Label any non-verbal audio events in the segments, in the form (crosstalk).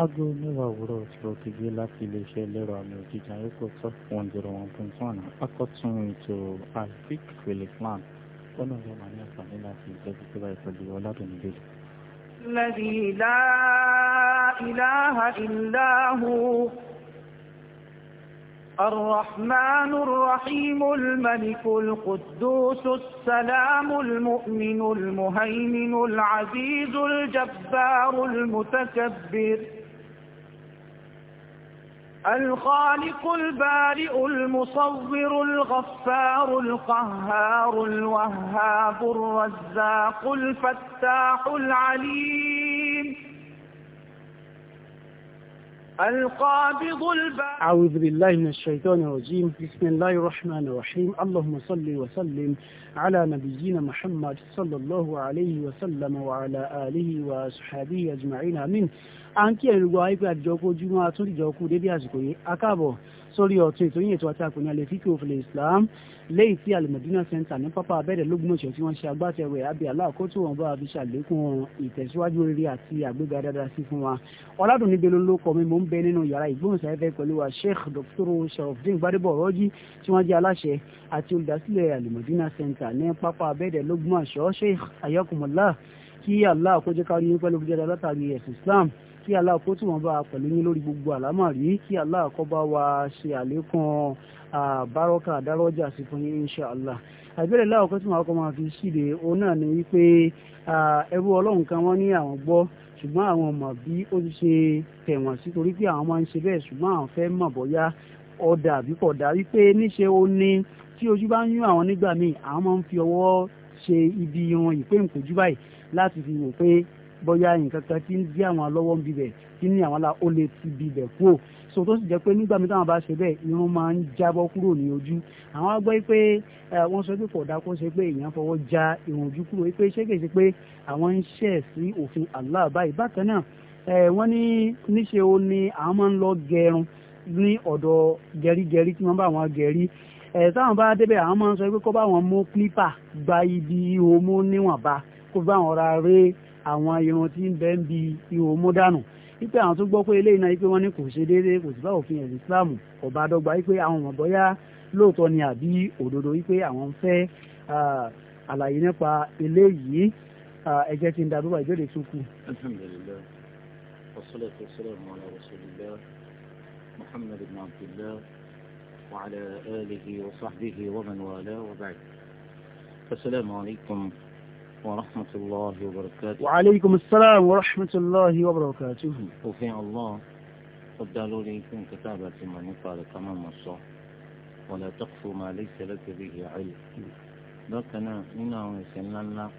aago mẹ́wàá òwúrọ̀ tí ó ti gbé láti iléeṣẹ́ ẹlẹ́rọ àmì òjijì ayékòótọ́ one zero one point one akọ́tún ètò alfik filiplan ọ̀nà ìjọba ní àǹfààní láti ìjẹ́jú tó báyìí pẹ̀lú ọ̀làdùnú dé. الذي لا إله إلا هو الرحمن الرحيم الملك القدوس السلام المؤمن المهيمن العزيز الجبار المتكبر الخالق البارئ المصور الغفار القهار الوهاب الرزاق الفتاح العليم القابض الباء أعوذ بالله من الشيطان الرجيم بسم الله الرحمن الرحيم اللهم صل وسلم على نبينا محمد صلى الله عليه وسلم وعلى آله وصحبه أجمعين آمين àǹkí ẹ̀rùgbọ́ ayípe àdìjọ́kú ojúmọ́ àtúndìjọ́kú dédé àsìkò yìí akáàbọ̀ sórí ọ̀tún ètò yìnyín ètò àti àpòyìn alẹ́ fífi òfin Islam lẹ́yìn tí alimadina madina Center ní pápá abẹ́rẹ́ lógúnmọ̀ṣẹ́ tí wọ́n ṣe agbátẹrù ẹ̀ abẹ́ aláàkó tí wọ́n bá fi ṣàlékún ìtẹ̀síwájú rere àti àgbéga dáadáa sí fún wa ọ̀làdùnní belo ló kọ́ mi mò ń bẹ nínú yàrá ìgbóhùnsáfẹ́ pẹ̀lú wa Sheikh Dr. Sharafdin Gbadebo Ọ̀rọ́jì tí wọ́n jẹ́ aláṣẹ àti olùdásílẹ̀ Al-Madina Center ní pápá abẹ́rẹ́ lógúnmọ̀ṣẹ́ Sheikh ayakumullah kí Allah kó tí wọ́n bá a pẹ̀lú yín lórí gbogbo àlámọ̀rí kí Allah kó bá wa ṣe àlékún àbárọ́kà àdárọ́jà sí fún yín insha Allah àbẹ̀rẹ̀ láwùkọ́ tí màá kọ́ máa fi síde òun náà ni wípé ẹrú ọlọ́run kan wọ́n ní àwọn gbọ́ ṣùgbọ́n àwọn mọ̀ bí ó ti ṣe tẹ̀wọ̀n sí torí pé àwọn máa ń ṣe bẹ́ẹ̀ ṣùgbọ́n àwọn fẹ́ mọ̀ bóyá ọ̀dà àbí kọ̀dà wípé níṣe ó ní tí ojú bá ń yún àwọn nígbà míì àwọn máa ń fi ọwọ́ ṣe ibi wọn ìpéǹkójú báyìí láti fi wò pé bóyá nǹkan kan tí ń dí àwọn lọ́wọ́ ń bibẹ̀ tí ní àwọn ó lè ti bibẹ̀ kú ò so tó sì jẹ́ pé nígbà mi táwọn bá ṣe bẹ́ẹ̀ irun máa ń jábọ́ kúrò ní ojú àwọn á gbọ́ pé wọ́n sọ pé kódà kó ṣe pé èèyàn fọwọ́ já irun ojú kúrò pé ṣé kèsì pé àwọn ń ṣẹ̀ sí òfin Allah báyìí bákan náà wọ́n ní níṣe o ni àwọn máa ń lọ gẹrun ní ọ̀dọ̀ gẹrígẹrí tí wọ́n bá wọn gẹrí táwọn bá débẹ̀ àwọn máa ń sọ pé kó bá wọn mú clipper gba ibi ihò mú níwọ̀nba kó bá wọn ra ré àwọn irun tí ń bẹ ń bi ihò mú dànù wípé àwọn tó gbọ́ pé eléyìí náà wípé wọ́n ní kò ṣe déédéé kò sí bá òfin ẹ̀sìn Islam kò bá dọ́gba wípé àwọn ọmọ bọ́yá lóòótọ́ ni àbí òdodo wípé àwọn ń fẹ́ àlàyé nípa eléyìí ẹ̀jẹ̀ ti ń da bíbá ìbéèrè tó kù. alhamdulillah wassalatu wassalamu ala rasulillah muhammad ibn abdullah wa ala alihi wa sahbihi wa man wala wa ba'd. assalamu alaikum. ورحمة الله وبركاته وعليكم السلام ورحمة الله وبركاته وفي الله قد قالوا لي كن كتابة من يقال كمان الصح ولا تقف ما ليس لك به علم لكن إنا ونسلنا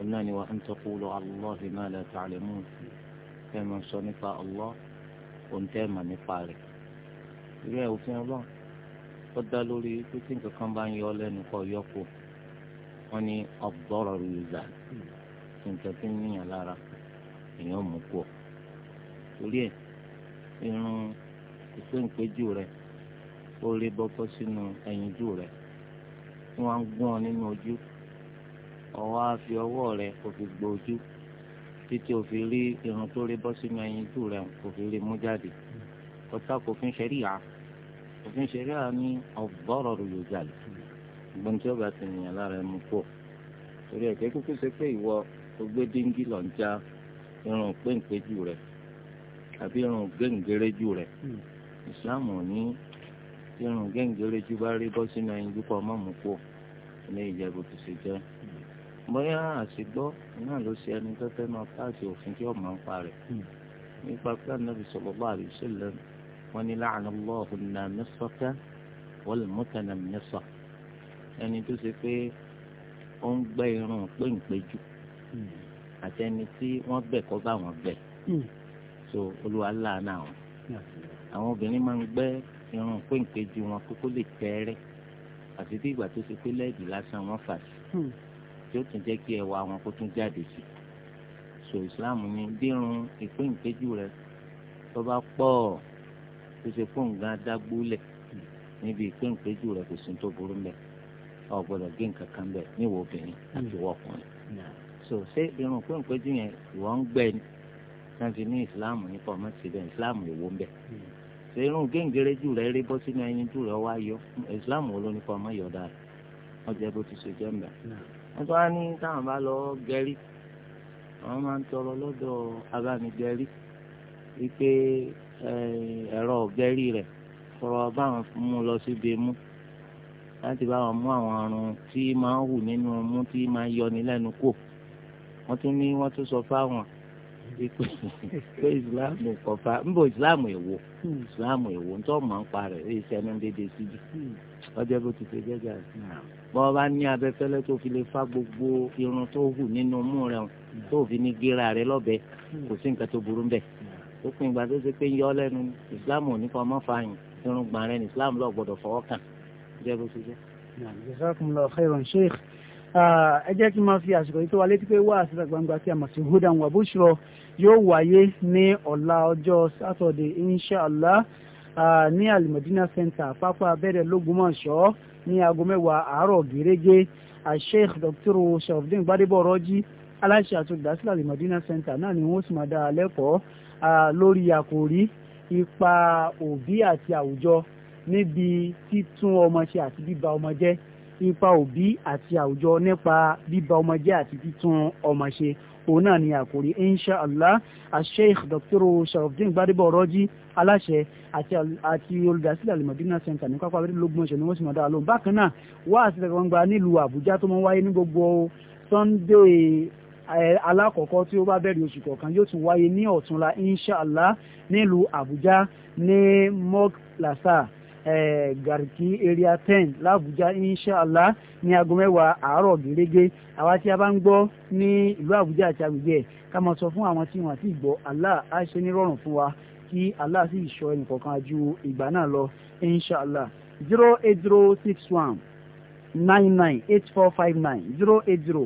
قلنا وأن تقولوا على الله ما لا تعلمون كما صنف الله وانت من يقالك وفي الله قد قالوا لي كن كمان يولي يقال يقول wọn ní ọgbọrọ rìzà nǹkan tí ń níyàn lára èèyàn mú kú ọ torí ẹ irun ìpéǹpéjú rẹ ó rí bọ́kọ́ sínú ẹyinjú rẹ tí wọ́n ń gún ọ nínú ojú ọwọ́ á fi ọwọ́ rẹ kò fi gbó ojú títí o fi rí irun tó rí bọ́ sínú ẹyinjú rẹ kò fi rí mú jáde ọ̀tá kò fi ń ṣẹ́ríyà òfin ṣẹ̀ríà ní ọ̀gbọ́rọ̀ rìzà gbọ́n tí ó bá ti yàn lára ẹ̀ mú pò torí ẹ̀jẹ̀ kúkú ṣe pé ìwọ o gbé díngí lọ ń já irun péńpéjú rẹ̀ àbí irun géǹgéréjú rẹ̀ hmm. Islam ò ní irun géǹgéréjú bá rí bọ́ sínú ẹyin dúpọ̀ ọmọ mú pò ní ìjẹ́bù tó ṣe jẹ́ hmm. bóyá àṣìgbọ́ náà ló ṣe ẹni tó fẹ́ máa pàṣẹ òfin tí ọmọ ń parẹ́ hmm. nípa pé ànábì sallallahu alaihi wasallam wọn ni la'ana Allahu an-namisata wal mutanammisah ẹni tó ṣe pé ó ń gbẹ́ irun péǹpéjú hmm. àti ẹni tí wọ́n bẹ̀ kọ́ bá wọn bẹ̀ hmm. so olúwa láàánú àwọn hmm. àwọn obìnrin máa ń gbẹ́ irun péǹpéjú wọn kókó lè tẹ́rẹ́ àti bí ìgbà tó ṣe pé lẹ́ẹ̀dì lásán wọn fà sí tí ó tún jẹ́ kí ẹwà wọn kó tún jáde sí so islam ní dírun ìpéǹpéjú rẹ tó bá pọ̀ tó ṣe fóun gan adágbólẹ̀ níbi ìpéǹpéjú rẹ kò sí tó burú mẹ́rin ò gbọ́dọ̀ gé nǹkan kan bẹ̀ níwọ̀ obìnrin àti hmm. ìwọ ọkùnrin. Hmm. so ṣé irun péńpéjú yẹn ìwọ ń gbẹ ni wọ́n fi ní ìsìláàmù nípa ọmọ Islam ìsìláàmù ìwọ ń bẹ̀. Hmm. ṣé irun géńgéré jù rẹ̀ rí bọ́ sínú ẹyin jù rẹ̀ wá yọ ìsìláàmù wo ló ní kọ́ ọmọ yọ̀ dára wọ́n jẹ́ bó ti ṣe jẹ́ mbẹ́. wọ́n tún wá ní táwọn bá lọ gẹrí àwọn máa ń tọrọ lọ́dọ̀ abánigẹrí wípé ẹ̀rọ gẹrí rẹ̀ tọrọ báwọn mú lọ síbi mú láti bá wọn mú àwọn àrùn tí máa ń hù nínú mú tí máa ń yọni lẹ́nu kò wọ́n tún ní wọ́n tún sọ fáwọn pé (laughs) pé ìsìláàmù kọfà ń bọ ìsìláàmù èwo hmm. ìsìláàmù èwo nítorí wọn máa ń parẹ èyí sẹnu déédéé síbi hmm. ọjọ́ bó ti ṣe jẹjà sí bọ́n bá ní abẹ́fẹ́lẹ́ tó fi lè fá gbogbo irun tó hù nínú mú rẹ hmm. tó fi ní gíra rẹ lọ́bẹ kò sí nǹkan tó burú bẹ́ẹ̀ ó pin ìgbà tó ṣe pé ń yọ lẹ́nu ìsìláàmù ò ní kọ́ ọmọ irun gbọ̀n rẹ ní ìsìláàmù lọ́ọ̀ gbọ́dọ̀ fọwọ́ kàn jẹ́ bó ṣe jẹ́. jazakumullahu khairan sheikh ẹ jẹ́ kí n máa fi àsìkò yìí tó wa létí pé wá àṣìṣe gbangba tí a mọ̀ sí hudan wa bushra yóò wáyé ní ọ̀la ọjọ́ sátọ̀dẹ̀ inshàlá ní alimadina center pápá abẹ́rẹ́ lógúnmọ̀ṣọ́ ní aago mẹ́wàá àárọ̀ gẹ́rẹ́gẹ́ sheikh dr sharafdin gbadebo ọ̀rọ̀jì aláṣẹ àtúndásílẹ̀ alimadina center náà ni wọ́n sì máa dá a lẹ́kọ̀ọ́ lórí àkòrí ipa òbí àti àwùjọ níbi títún ọmọ ṣe àti bíba ọmọ jẹ́ ipa òbí àti àwùjọ nípa bíba ọmọ jẹ́ àti títún ọmọ òun náà ni àkòrí insha allah asheikh dr sharafdin gbadebo ọrọjí aláṣẹ àti olùdásílẹ̀ alimọ̀dínà center ní pápá abẹ́rẹ́ lógún ọ̀sẹ̀ ni wọ́n sì máa dá lóhùn bákan náà wá àṣìṣe gbangba nílùú àbújá tó máa ń wáyé ní gbogbo sunday alákọ̀ọ́kọ́ tí ó bá bẹ̀rẹ̀ oṣù kọ̀ọ̀kan yóò tún wáyé ní ọ̀túnla insha allah nílùú àbújá ní mok lasa Garki area ten làbújá inshallah ní aago mẹ́wàá àárọ̀ gẹ́gẹ́ àwa tí a bá ń gbọ́ ní ìlú àbújá àti agbègbè ká máa sọ fún àwọn tí wọ́n ti gbọ́ Allah á ṣe nírọ̀rùn fún wa kí Allah sì ṣọ́ ẹnì kọ̀ọ̀kan ju ìgbà náà lọ inshallah zero eight zero six one nine nine eight four five nine zero eight zero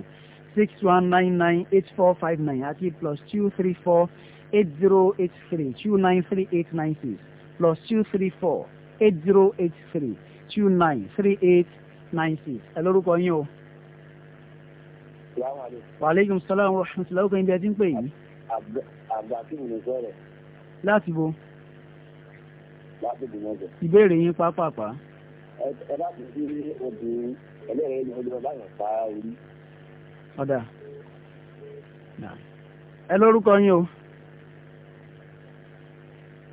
six one nine nine eight four five nine àti plus two three four eight zero eight three two nine three eight nine six plus two three four eight zero eight three two nine three eight nine six ẹ lórúkọ yín o. waaleykum salaam wa rahmatulah ọkọ ibi ẹ ti ń pè yìí. abdulhakeem ló sọ̀rọ̀. láti bo. láti bo mọ́tò. ìbéèrè yín pápápá. ẹ bá ti fi obìnrin ẹlẹ́rìí ni olùkọ́ bá yàn pa orí. ọ̀dà ẹ lórúkọ yín o.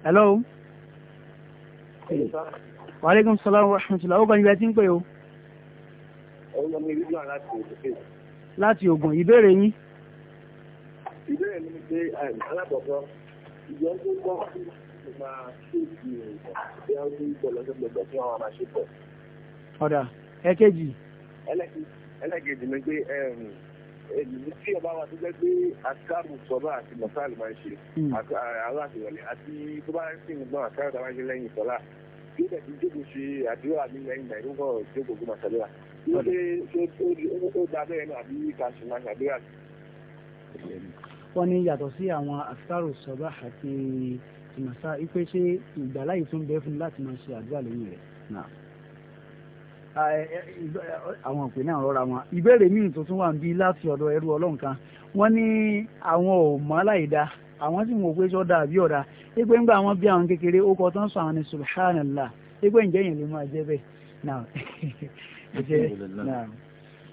hello wàhálẹ́gùn sọ́lọ́run rahmatulah ó gbọ́njú ẹ ti ń pè o. láti Ògùn ìbéèrè yín. ìbéèrè mi ni pé um, alábọ̀bọ̀ ìjọ tó gbọ́ máa ṣe ìgbìyànjú bí wọ́n ti ń bọ̀ lọ́sọ̀gbọ̀gbọ̀ fún àwọn àmàṣepọ̀. ọ̀dà ẹ̀kejì. ẹlẹ́kejì ni pé um, tí ọba wa tó jẹ́ pé àṣàrù sọ́bà àti mọ̀sáàlì máa ń ṣe àárọ̀ hmm. àtìrọ̀lẹ̀ àti tó bá ń sìn gbọ́n àṣàrù tó máa ń ṣe lẹ́yìn sọ́lá tí ó dẹ̀tí jókòó ṣe àdúrà ní lẹ́yìn náà ìrúkọ̀ jókòó gbọ́n àṣàdúrà lóde ó da bẹ́ẹ̀ náà àbí kàṣù máa ṣàdúrà. wọ́n ní yàtọ̀ sí àwọn àṣàrù sọ́bà àti ìmọ̀sá ipe ṣé ìgbàláyè tún bẹ fún láti máa ṣe àdúrà lẹ́yìn rẹ̀ náà àwọn òpin náà rọra wọn ìbéèrè míì tuntun wà bí láti ọ̀dọ̀ ẹrú ọlọ́run kan wọ́n ní àwọn ò mọ̀ aláìda àwọn sì mọ̀ pé sọ́dà àbí ọ̀dà pé ńgbà wọn bí àwọn kékeré ó kọ tán sọ àwọn ní subhanallah pé ǹjẹ́ yẹn lè máa jẹ́ bẹ́ẹ̀ náà.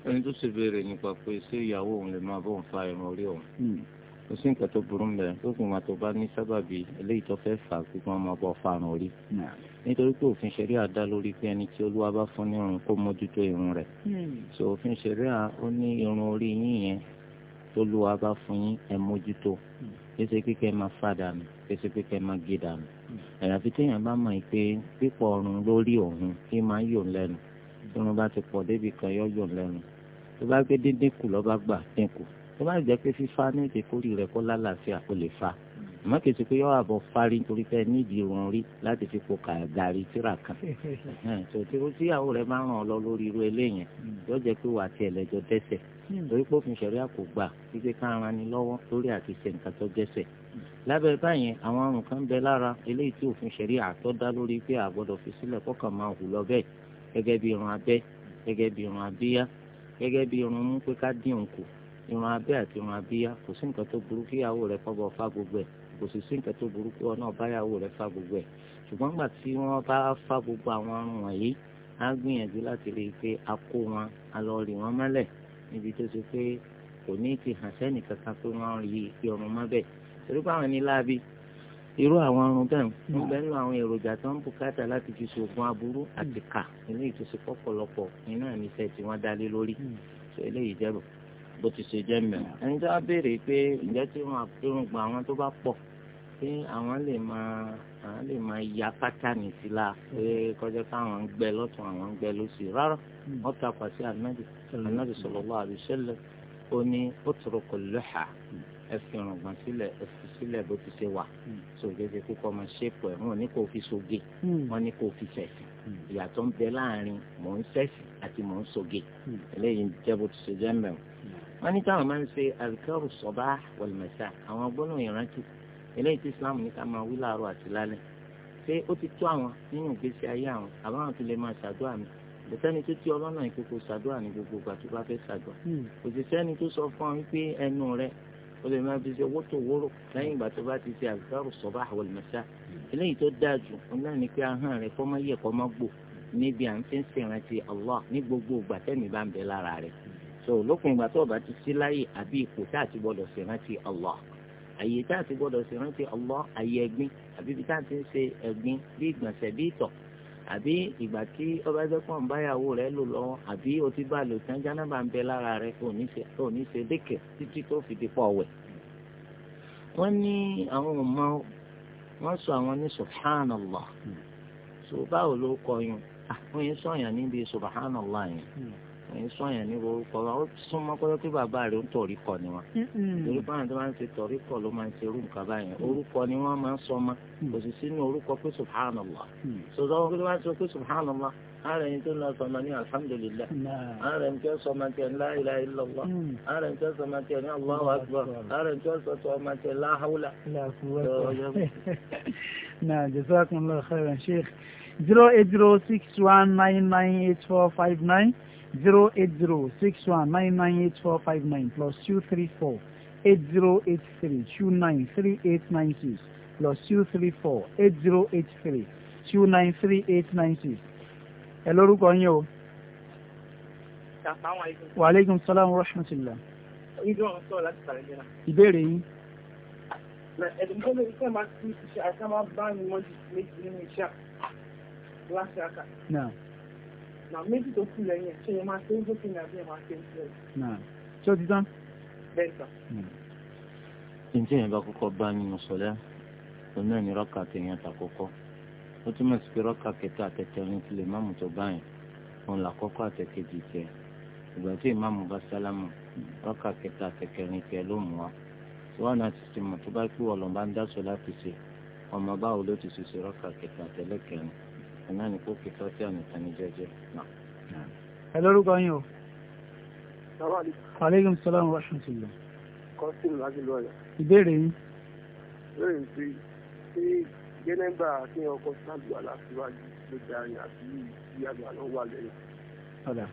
ẹni tó ṣe béèrè nípa pé ṣé ìyàwó òun lè máa bóun fa ẹran orí òun. Hmm kò sí nǹkan tó burú mbẹ lókun ìgbà tó bá ní sábàbí eléyìí tó fẹ́ fà kí wọ́n máa bọ̀ fárun orí nítorí pé òfin ṣẹ̀ríà dá lórí pé ẹni tí olúwa bá fún ní irun kó mójútó irun rẹ̀ so òfin ṣẹ̀ríà ó ní irun orí yín yẹn tolúwa bá fún yín ẹ mójútó kése kíkẹ́ máa fà dànù kése kíkẹ́ máa gé dànù àyàfi téèyàn bá mọ̀ pé pípọ̀ ọrùn lórí òun kí máa yò lẹ́nu tí wọ́n bá ti pọ̀ tó bá jẹ́ pé fífa ní èdè kórì rẹ̀ kó lálàáfíà kó lè fa àmọ́ kì í ṣe pé yọ àbọ̀ fárí nítorí pé nídìí irun rí láti fi po kàdárí tíra kan tòtí ó tíyàwó rẹ̀ máa ràn ọ́ lọ lórí irú eléyẹn yóò jẹ́ pé wà á tiẹ̀ lẹ́jọ́ dẹ́ṣẹ̀ torí pé òfin ṣẹ̀ríà kò gbà wípé ká ara ni lọ́wọ́ lórí àti ṣe nǹkan tó dẹ́ṣẹ̀ lábẹ́ báyẹn àwọn àrùn kan bẹ lára eléyìí tí òfin ṣẹ̀ríà àtọ́ dá lórí pé àgbọ́dọ̀ fi sílẹ̀ kọ́kàn máa hù lọ bẹ́ẹ̀ gẹ́gẹ́ bí irun abẹ́ gẹ́gẹ́ bí irun abíyá gẹ́gẹ́ bí irun mú pé ká dín òun irun abẹ́ àti irun abíyá kò sí nǹkan tó burú kí ìyàwó rẹ kọ́ bọ̀ fá gbogbo ẹ̀ kò sì sí nǹkan tó burú kí ọ̀nà ọ̀báyàwó rẹ fá gbogbo ẹ̀ ṣùgbọ́n gbà tí wọ́n bá fá gbogbo àwọn arun wọ̀nyí á gbìyànjú láti rí i pé a kó wọn a lọ rì wọ́n mọ́lẹ̀ níbi tó ṣe pé kò ní ti hàn sẹ́nì kankan pé wọ́n rí i ọrùn mọ́ bẹ́ẹ̀ torí báwọn ní láabi irú àwọn ọrùn bẹ́ẹ̀ ń bẹ́ẹ̀ nínú àwọn èròjà tó ń bùkátà láti fi ṣoògùn aburú àti kà ìtòsí pọ̀pọ̀lọpọ̀ nínú àmì tí wọ́n dá lé lórí ṣe hmm. eléyìí jẹ́rù bó ti ṣe jẹ́ mẹ́rin. ẹni tó wá béèrè pé ǹjẹ́ tí wọ́n àtúrùn gba àwọn tó bá pọ̀ pé àwọn lè máa àwọn lè máa ya pátánì sí la pé kọjá káwọn ń gbẹ lọ́tún àwọn ń gbẹ lọ́sì rárá wọ́n ta pàṣẹ ànábì ànábì sallallahu alaihi wasallam ó ní ó tọrọ kò lóha ẹ fi ọ̀rọ̀gbọ̀n sílẹ̀ ẹ fi sílẹ̀ bó ti ṣe wà sògèdè kíkọ́ ọmọ ṣépù ẹ̀ wọ́n ní kò fi soge wọ́n ní kò fi fẹ̀sì ìyàtọ̀ ń bẹ láàrin mò ń ṣẹ̀sì àti mò ń soge eléyìí jẹ́ bó ti ṣe jẹ́ mẹ́rin wọ́n ní táwọn máa ń ṣe àlùkẹ́rù sọ̀bá wọ̀lùmẹ̀sà àwọn gbólóhùn ìrántí eléyìí tí Islam ní ká máa wí láàárọ̀ àti lálẹ́ ṣé ó ti tó àwọn nínú ìgbésí ayé àwọn àbáwọn tó lè máa ṣàdúrà mi òsẹ́ni tó ti ọlọ́nà ìkókó ṣàdúrà ní gbogbo ìgbà tó bá fẹ́ ṣàdúrà hmm. òṣìṣẹ́ni tó sọ fún ọ wípé ẹnu rẹ o lè máa fi ṣe wótò wóró lẹ́yìn ìgbà tó bá ti ṣe àlùkẹ́rù sọ̀bá wọ̀lùmẹ̀sà eléyìí tó dáa jù náà ni pé ahọ́n rẹ kọ́ máa kọ́ máa gbò níbi à ń fi ń ṣèrántí Allah ní gbogbo ìgbà tẹ́mi bá ń bẹ lára rẹ̀ so lópin ìgbà tó o bá ti sí láyè àbí ipò tá a ti gbọdọ̀ ṣèrántí Allah àyè tá ti gbọdọ̀ ṣèrántí Allah àyè ẹ̀gbin àbí ibi a ti ń ṣe ẹ̀gbin bí ìgbọ̀nsẹ̀ bí ìtọ̀ àbí ìgbà tí ọba ẹgbẹ́ pọ̀ ń lò lọ́wọ́ àbí o ti bá lò tán jánábà ń bẹ lára rẹ̀ ò ní ṣe dékè títí tó fi di pọ̀ wẹ̀. wọ́n ní àwọn ọmọ wọ́n sọ àwọn ní subhanallah hmm. so báwo ló kọ yun ah, èyí sọyàn ní orúkọ wa ó súnmọ́ pé kí bàbá rẹ̀ ń tọ̀rí kọ ni wọn torí báwọn tó máa ń ṣe tọ̀rí kọ ló máa ń ṣe irú nǹkan báyẹn orúkọ ni wọ́n máa ń sọ ọmọ kò sì sínú orúkọ pé subhanallah sọdọ́ wọn kí wọ́n sọ pé subhanallah ara ẹni tó ń lọ sọmọ ní alhamdulillah mm. ara ẹni tó sọmọ tẹ la ilaha illallah mm. ara ẹni tó sọmọ tẹ ní Allahu akbar mm. ara ẹni tó sọmọ tẹ la hawla. (laughs) náà jazakumullahu khairan sheikh zero eight zero six one nine nine eight four five nine zero eight zero six one nine nine eight four five nine plus two three four eight zero eight three two nine three eight nine six plus two three four eight zero eight three two nine three eight nine six. ẹ lórúkọ yín o. wa aleykum salaam wa rahmatulah. ìbéèrè yín. ẹ̀dùn tó máa ń bá mi mọ́ ju méjì nínú iṣẹ́ láti àkà náà méjì tó kù lẹ́yìn ṣe yẹ máa ṣe ń sókè ní àbí ẹ̀ máa ṣe ń sọ. ṣé o ti tán. bẹ́ẹ̀ sà. ǹjẹ́ yẹn bá kọ́kọ́ bá nínú sọ́lá òun náà ní rọ́kà kẹyìn àtàkọ́kọ́ ó túmọ̀ sí pé rọ́kà kẹta àtẹ̀tẹ̀rin ti lè má mú tó báyìí òun làkọ́kọ́ àtẹ̀kejì tẹ̀ ìgbà tí ìmáàmù bá sálámù rọ́kà kẹta àtẹ̀kẹrin tẹ̀ ló mú wa wọn náà ti ti mọ̀ tó bá kí wọ́n lọ́n bá ń dá sọ láti ṣe ọmọ báwo ló ti ṣe ṣe rọ́kà kẹta àtẹ̀lẹ́kẹrin náà ní kó fi tọ́sí àmì kan ní jẹ́jẹ́ náà. ẹ lórúkọ yín o. aleykum salaam wa rahmatulah. kọ́sìmù láti lọ rẹ̀. ìbéèrè yín. ìbéèrè yín sí sí gẹ́nẹ́gbà kí ọkọ̀ ṣáàdùn aláṣíwájú ló darí àti ìyàgbà náà wà lẹ́yìn. ọ̀dà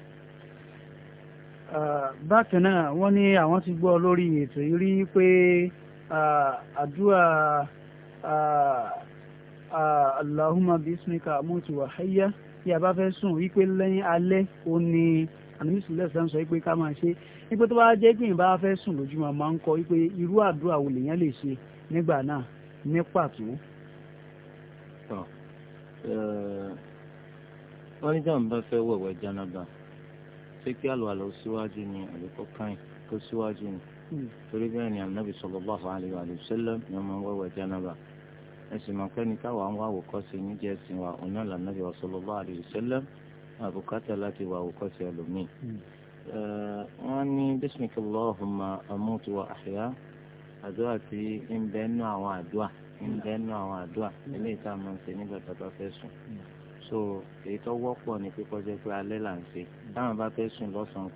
bákan náà wọ́n ní àwọn ti gbọ́ lórí ètò yìí rí pé àdúrà allahumma bismika amutu wa hayya tí a bá fẹ́ sùn wípé lẹ́yìn alẹ́ ó ní àníbísí lẹ́sẹ̀ sọ wípé ká máa ṣe wípé tó bá jẹ́ pé ìbá fẹ́ sùn lójúmọ́ máa ń kọ wípé irú àdúrà wo lèèyàn lè ṣe nígbà náà ní pàtó. wọ́n ní jáàmù bá fẹ́ wẹ̀wẹ̀ jánábà ṣé kí àlùwàlá ó síwájú ni àlùkò káyìn kó síwájú ni hmm. torí bẹ́ẹ̀ ni ànábì sallallahu alaihi wa sallam ni wọ́n máa wẹ̀wẹ̀ jánábà ẹ̀sìn mọ̀ pé ní táwa ń wá àwòkọ́ṣe níjẹ́ ẹ̀sìn wa ọ̀nà lànà bí sallallahu alaihi wasallam àbùkátà láti wá àwòkọ́ṣe ẹlòmíì. wọ́n ní bísímìkì lọ́ọ̀hùnmá amútu wa àṣeyá àdúrà tí ń bẹ nú àwọn àdúrà ń bẹ nú àwọn àdúrà eléyìí tá a máa ń ṣe nígbà tá a bá fẹ́ sùn. so èyí tó wọ́pọ̀ ní kíkọ́ jẹ́ pé alẹ́ là ń ṣe táwọn bá fẹ́ sùn lọ́sàn-án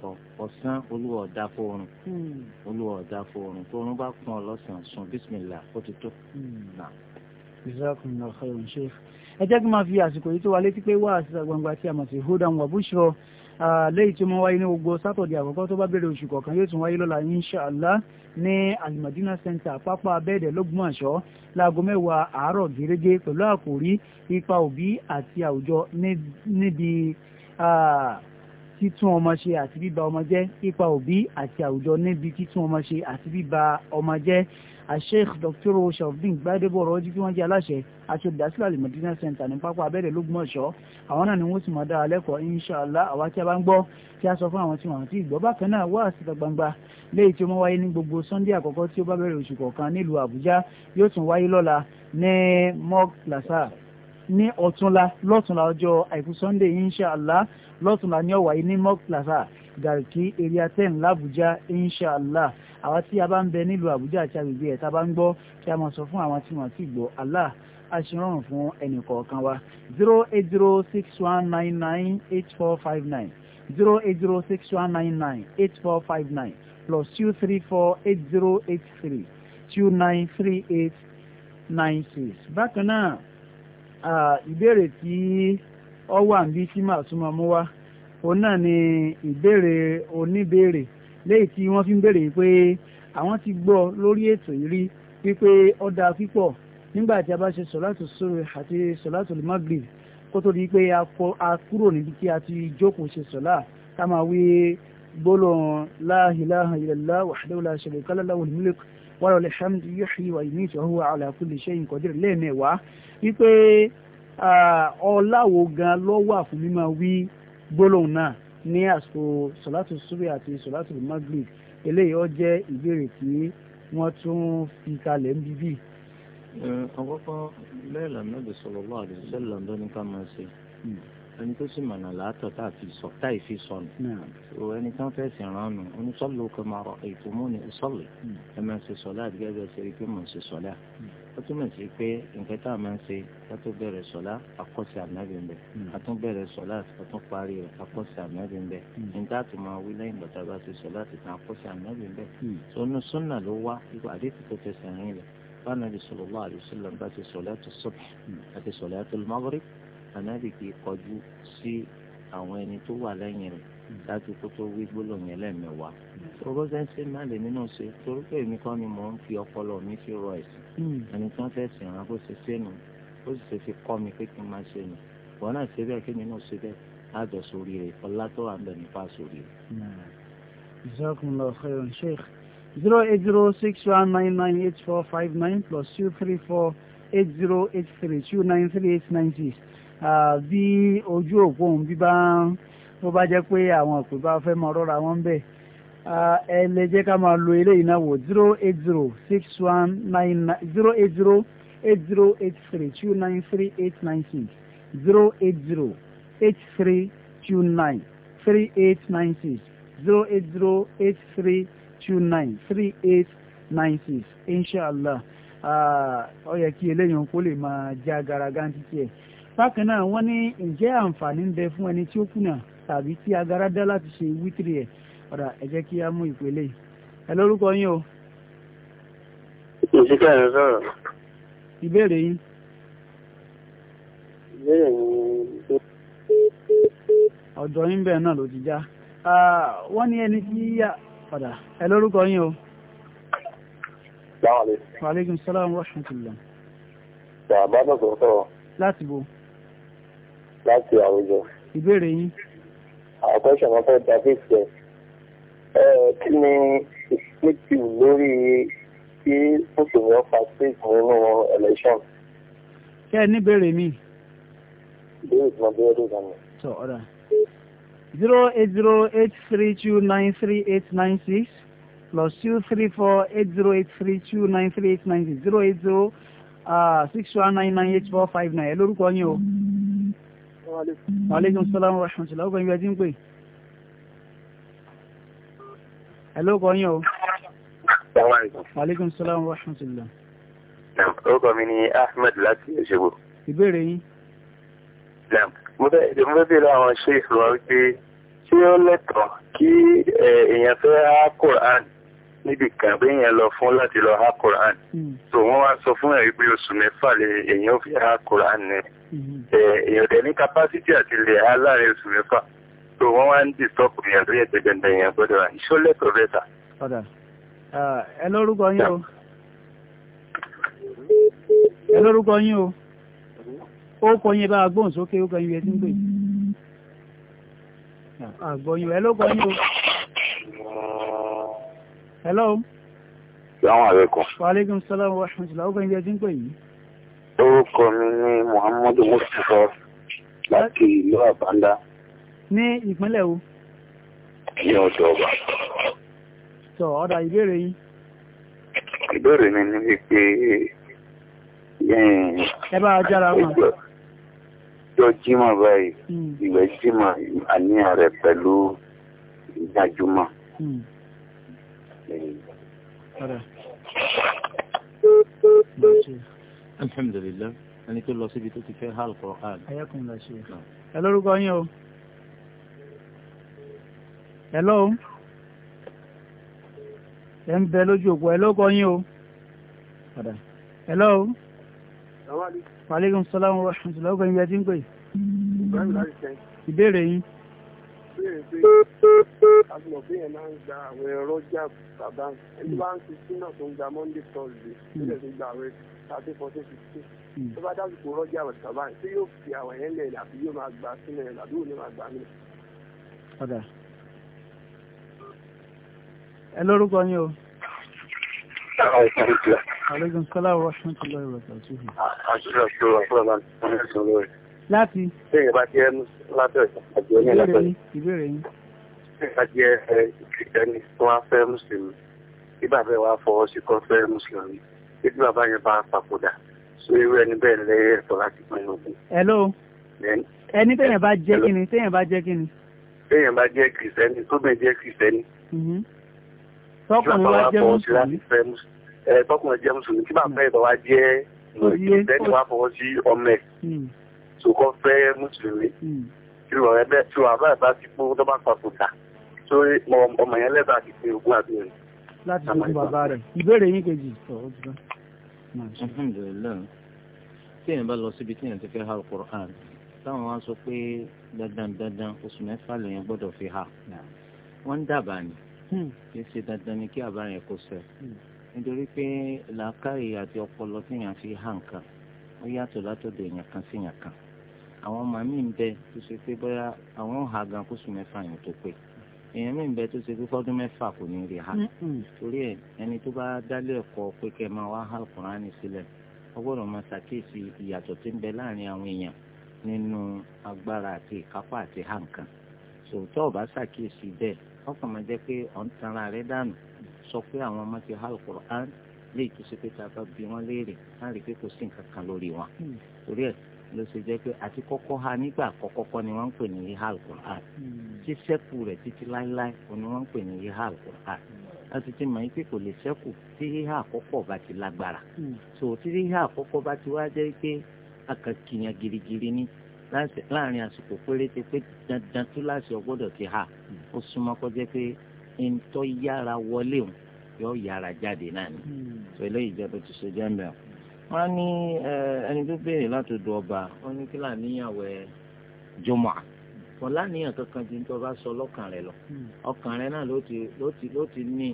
kọ jazakumullahu khairan sheikh ẹ jẹ́ kí n máa fi àsìkò yìí tó wa létí pé wá àṣìṣà gbangba tí a mọ̀ sí hudan wa bushra léyìí tó mọ wáyé ní gbogbo sátọ̀dẹ̀ àkọ́kọ́ tó bá bẹ̀rẹ̀ oṣù kọ̀ọ̀kan yóò tún wáyé lọ́la inshàlá ní alimadina center pápá abẹ́ẹ̀dẹ̀ lọ́gbọ̀n àṣọ láago mẹ́wàá àárọ̀ gẹ́gẹ́ pẹ̀lú àkòrí ipa òbí àti àwùjọ níbi títún ọmọ ṣe àti bíba ọmọ jẹ́ ipa òbí àti àwùjọ níbi títún ọmọ ṣe àti bíba ọmọ jẹ́ asheikh dr shavdin gbadebo ọ̀rọ̀ ojú kí wọ́n jẹ́ aláṣẹ àti olùdásílẹ̀ alimọ̀dínà center ní pápá abẹ́rẹ́ lógúnmọ̀ṣọ́ àwọn náà ni wọ́n sì máa dára lẹ́kọ̀ọ́ inshàlá àwa tí a bá ń gbọ́ kí a sọ fún àwọn tí wọ́n ti gbọ́ bákan náà wá síta gbangba léyìí tí ó máa wáyé ní gbogbo sunday àkọ́kọ́ tí ó bá bẹ̀rẹ̀ oṣù kọ̀ọ̀kan nílùú àbújá yóò tún wáyé lọ́la ní mog plaza ní ọ̀túnla lọ́túnla ọjọ́ àìkú sunday inshàlá lọ́túnla ní ó ní mog plaza garki area ten làbújá inshàlá àwa tí a bá ń bẹ nílùú àbújá àti agbègbè ẹ̀ bá ń gbọ́ kí a máa sọ fún àwọn tí wọ́n ti gbọ́ allah aṣèrànràn fún ẹnì kọ̀ọ̀kan wa zero eight zero six one nine nine eight four five nine zero eight zero six one nine nine eight four five nine plus two three four eight zero eight three two nine three eight nine six. bákan náà ìbéèrè tí ọ wà ń bí tí màá túmọ̀ mú wá òun náà ni ìbéèrè oníbéèrè léyìí tí wọ́n fi ń béèrè pé àwọn ti gbọ́ lórí ètò yìí rí wípé ó dáa pípọ̀ nígbà tí a bá ṣe sọ̀látù sórí àti sọ̀látù lùmọ́gbì kó tó di pé a kúrò níbi tí a ti jókòó ṣe sọ̀lá ká máa wí gbólóhùn la ilaha illallah wahdahu la sharika lahu lahul mulku wa lahul hamdu yuhyi wa yumiitu wa huwa ala kulli shay'in qadir lẹ́ẹ̀mẹ́wàá wípé ọláwo gan ló wà fún mímọ̀ wí gbólóhùn náà ní àsìkò sọ̀látù súbì àti sọ̀látù magrib eléyìí ó jẹ́ ìbéèrè tí wọ́n tún fi kalẹ̀ ń bíbí. àkọ́kọ́ bẹ́ẹ̀ lànàbì sallallahu alaihi wasallam ló ní ká máa ṣe hmm. ẹni tó sì mọ̀nà látọ̀ tá a fi sọ tá a fi sọ hmm. nù. o ẹni tán fẹ́ sìn ránu oníṣọ́lù kò máa rọ ètò mú ẹ máa ṣe sọ́lá àdìgẹ́ bẹ́ẹ̀ ṣe rí pé mò ń ṣe sọ́lá. Hmm ó túmọ̀ sí pé nǹkan tá a máa ń ṣe ká tó bẹ̀rẹ̀ sọ̀lá àkọ́sí ànábì ń bẹ̀ hmm. ká tó bẹ̀rẹ̀ sọ̀lá ká tó parí rẹ̀ àkọ́sí ànábì ń bẹ̀ nígbà tó máa wí lẹ́yìn ìgbà tá a bá ṣe sọ̀lá ti tàn àkọ́sí ànábì ń bẹ̀ hmm. sọnù súnà ló wá ipò àdéhùn tó tẹsẹ̀ rìn rẹ̀ fanabi sallallahu alaihi wasallam bá sọ̀lá tó subh hmm. sọ̀lá tó maghrib láti kó tó wí gbólóhùn yẹn lẹ́ẹ̀mẹ́wàá owó sẹ́ńsẹ́ má lè nínú ṣe torí pé èmi kan ni mò ń fi ọpọlọ mi fi rọ ẹ̀sìn hmm. ẹni tí wọ́n fẹ́ sìn ara bó ṣe ṣe nù ó sì ṣe fi kọ́ mi pé kí n máa ṣe nù wọn náà ṣe bẹ́ẹ̀ kí mi náà ṣe bẹ́ẹ̀ láàjọ sórí rẹ̀ ọlá tó wà ń bẹ̀ nípa sórí rẹ̀. Hmm. Jazakumullahu khairan Sheikh zero eight zero six one nine nine eight four five nine plus two three four eight zero eight three two nine three eight nine six ah, bí ojú òpó òun bí bá tó bá jẹ́ pé àwọn òpè bá fẹ́ mọ rọra wọn bẹ́ẹ̀ ẹ lè jẹ́ ká máa lo eléyìí náà zero eight zero six one nine nine zero eight zero eight zero eight three two nine three eight nine six zero eight zero eight three two nine three eight nine six zero eight zero eight three two nine three eight nine six inshallah ó yẹ kí eléyìí kó lè máa já garaganti tiẹ̀ bákan náà wọ́n ní ǹjẹ́ àǹfààní ń bẹ fún ẹni tí ó kùnà tàbí tí agara dá láti ṣe wítìrì ẹ̀ ọ̀dà ẹ jẹ́ kí á mú ìpele yìí ẹ lórúkọ yín o. ìṣèkà ẹ̀ sọ̀rọ̀. ìbéèrè yín. ìbéèrè yín. ọ̀dọ̀ yín bẹ́ẹ̀ náà ló ti já wọ́n ní ẹni tí ọ̀dà ẹ lórúkọ yín o. Wa alaikum salaam wa rahmatullah. Bàbá náà sọ̀rọ̀. Láti bo. Láti àwùjọ. Ìbéèrè yín àkọ́ṣe àwọn fẹ́ da fèsì ẹ̀ kí ni ìsìnkú lórí tí mùsùlùmí ọ̀fà fèsì nínú election. ṣé ẹ ní béèrè mi. béèrè tí wọ́n béèrè lórí mi. sọ ọ̀rọ̀ zero eight zero eight three two nine three eight nine six plus two three four eight zero eight three two nine three eight nine six zero eight zero uh, six one nine nine eight four five nine ẹ lórúkọ yín o. Mm -hmm alaikum. aleykum salaam wa rahmatulah ọgbọ̀n ibi ẹjí ń pè. ẹ ló kọ́ yín o. aleykum salaam wa rahmatulah. orúkọ mi ni ahmed láti Òṣogbo. ìbéèrè yín. mo fẹ́ mo fẹ́ bèèrè àwọn ṣéèfù wa wípé ṣé ó lẹ́tọ̀ọ́ kí eh, èèyàn fẹ́ á Kùránì níbi kan bí yẹn lọ fún láti lọ ha Quran hmm. so wọ́n wá sọ fún ẹ̀rí pé oṣù mẹ́fà lè èèyàn fi ha Quran ni hmm. èèyàn dẹ̀ ní capacity àti lè ha láàrin oṣù mẹ́fà so wọ́n wá ń disturb yẹn lórí ẹ̀jẹ̀ dandan yẹn gbọ́dọ̀ wà ìṣọ́lẹ̀ tó bẹ́ẹ̀ ẹ lórúkọ yín o ẹ lórúkọ yín o ó kọ yín bá agbóhùn sókè ó kọ yín bí ẹ ti ń pè àgbọ̀yìn ẹ lórúkọ yín o hello. Assalamu alaikum. Wa alaikum wa rahmatullahi ó kàn jẹ́ tí ń pè yìí. Orúkọ mi ni Muhammadu Mustapha láti ìlú Àbándá. Ní ìpínlẹ̀ wo? Ní ọ̀dọ̀ ọba. Sọ ọ̀dà ìbéèrè yìí. Ìbéèrè mi ni wípé eh, ẹ bá a jára mọ̀. Ìjọ jímọ̀ báyìí, hmm. ìwẹ̀ jímọ̀ àníyàn rẹ̀ pẹ̀lú ìdájúmọ̀. Hmm alhamdulilayi ẹni tó lọ síbi tó ti fẹ́ hàl kọ̀ọ̀kan. ayẹ́kùn lọ ṣe ẹ lórúkọ yín o. hello ẹ ń bẹ lójú òpó ẹ lórúkọ yín o. hello. wàleykum salaam wa rahmatulah ọgbẹ́ni bí ẹ ti ń pè. ìbéèrè yín béèrè pé a ti mọ̀ pé yẹn máa ń gba àwọn ẹ̀rọ jà bàbá ẹni bá ń fi sínà tó ń gba monday thursday nílẹ̀ tó gba àwọn thirty fourteen fifteen tó bá dásìkò rọ́jà bàbá tí yóò fi àwọn yẹn lẹ̀ àbí yóò máa gba sínà yẹn àbí òní máa gba nílẹ̀. ọ̀dà ẹ lórúkọ yín o. Aleykum salaam wa rahmatulahi wa barakatuhu. Àṣìṣe àti ọ̀rọ̀ àfọlọ́lá ní ẹ̀sán lórí láti. ṣé ìyẹ̀bá jẹ́ látọ̀ọ̀ṣà àti oní látọ̀ọ̀ṣà. ìbéèrè yín. ṣé ìyẹ̀bá jẹ́ kìrìtẹ́nì tó wá fẹ́ mùsùlùmí bí bàbá wa fọwọ́ sí kọ́ fẹ́ mùsùlùmí bí bàbá yẹn bá papòdà sọ irú ẹni bẹ́ẹ̀ lẹ́yìn ẹ̀tọ́ láti pín ogún. hello. ẹni téèyàn bá jẹ́ kíni téèyàn bá jẹ́ kíni. téèyàn bá jẹ́ kìrìtẹ́nì tó bẹ̀ jẹ́ kìrìtẹ́nì. Mm-hmm. tọkùnrin wa jẹ́ mùsùlùmí. tọkùnrin jẹ́ mùsùlùmí kí bàbá yẹn bá wa jẹ́ kìrìtẹ́nì wa fọwọ́ sí ọmọ ẹ̀. Mm sòkò fẹ́ mùsùlùmí hmm. tí wọn ẹ bẹ tí wọn àbá ìbá ti kú tó bá papò ta tó ọmọ yẹn lẹ́bàá ti fi ogún àbí rẹ̀. láti ṣe bàbá rẹ̀ ìbéèrè yín kejì sọ ó ti bá. tí èèyàn bá lọ síbi tí èèyàn ti fẹ́ ha alukur'an táwọn wá sọ pé dandan dandan oṣù mẹ́fà lèèyàn gbọ́dọ̀ fi ha hmm. wọ́n ń ni hmm. kì í ṣe dandan ni kí àbá yẹn kó sẹ́ nítorí pé làákàyè àti ọpọlọ tí èèyàn fi hàn kan ó yàtọ̀ látọ̀dọ̀ èèyàn kan sí èèyàn kan àwọn ọmọ mi ń bẹ tó ṣe pé bóyá àwọn ò ha gan kó sùn mẹ́fà yẹn tó pé èèyàn mi ń bẹ tó ṣe pé fọ́dún mẹ́fà kò ní rí ha torí ẹ ẹni tó bá dálé ẹ̀kọ́ pé kẹ́ máa wá ha kùránì sílẹ̀ ọgbọ́dọ̀ máa ṣàkíyèsí ìyàtọ̀ tí ń bẹ láàrin àwọn èèyàn nínú agbára àti ìkápá àti hànkan sòótọ́ ọ̀bá ṣàkíyèsí bẹ́ẹ̀ ọkàn máa jẹ́ pé ọ̀n tanra rẹ̀ dànù sọ pé àwọn ọmọ ti há Al-Qur'an lè tó ṣe pé tá a bá bi wọ́n léèrè láàrin pé kò sí nǹkan kan lórí wọn mm. torí ẹ̀ ló ṣe jẹ́ pé àti kọ́kọ́ ha nígbà kọ́kọ́kọ́ ni wọ́n ń pè ní ìhà alukur'an hmm. tí sẹ́kù rẹ̀ títí láéláé ni wọ́n ń pè ní ìhà alukur'an a ti ti mọ̀ yín pé kò lè sẹ́kù tí ìhà àkọ́kọ́ bá ti lágbára hmm. so tí ìhà àkọ́kọ́ bá ti wá jẹ́ pé akàkìyàn girigiri ni láàrin àsìkò péréte pé dandan tó láti ọgbọ́dọ̀ ti ha hmm. ó súnmọ́ kó jẹ́ pé ntọ́ yára wọlé òun yóò yára jáde náà ni so eléyìí jẹ́ bó ti ṣe jẹ́ mẹ́rin wọ́n ní ẹni tó béèrè láti dùn ọba wọ́n ní kí làníyàwó ẹ̀ jọmọ́ à wọn láníyàn kankan tí tó bá sọ lọ́kàn rẹ̀ lọ hmm. ọkàn rẹ̀ náà ló ti ní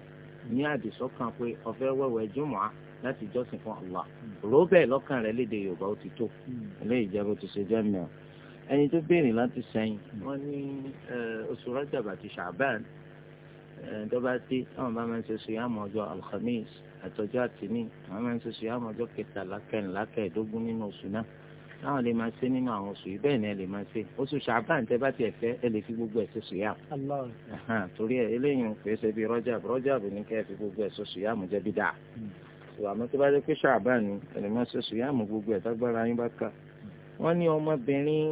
ní àdìsọ́kàn pé ọ̀fẹ́ wẹ̀wẹ̀ jọmọ́ à láti jọ́sìn fún Allah hmm. rọ́bẹ̀ lọ́kàn rẹ̀ léde yorùbá ó ti tó hmm. eléyìí jẹ́ bó ti ṣe jẹ́ mìíràn ẹni tó béèrè láti sẹ́yìn wọ́n ní oṣù Rajab àti Sha'ban tó bá dé àwọn bá máa ń ṣe sùn yá mọ́ ọjọ́ alhamis àtọjọ́ àtìní àwọn máa ń ṣe sùn àmọ́ ọjọ́ kẹtàlá kẹrìnlá kẹẹ̀ẹ́dógún nínú oṣù náà táwọn lè máa ṣe nínú àwọn oṣù yìí bẹ́ẹ̀ ni ẹ lè máa ṣe oṣù ṣàbàn tẹ bá tiẹ̀ fẹ́ ẹ lè fi gbogbo ẹ̀ ṣe sùyà. torí ẹ eléyìí kò ṣe bí rọ́jàb rọ́jàb ní kẹ́ ẹ fi gbogbo ẹ̀ ṣe sùyà mú jẹ́ bídà. Hmm. àmọ́ tó bá dé pé ṣàbàn ni ẹ lè máa ṣe sùyà mú gbogbo ẹ̀ tágbára yín bá kà. wọ́n ní ọmọbìnrin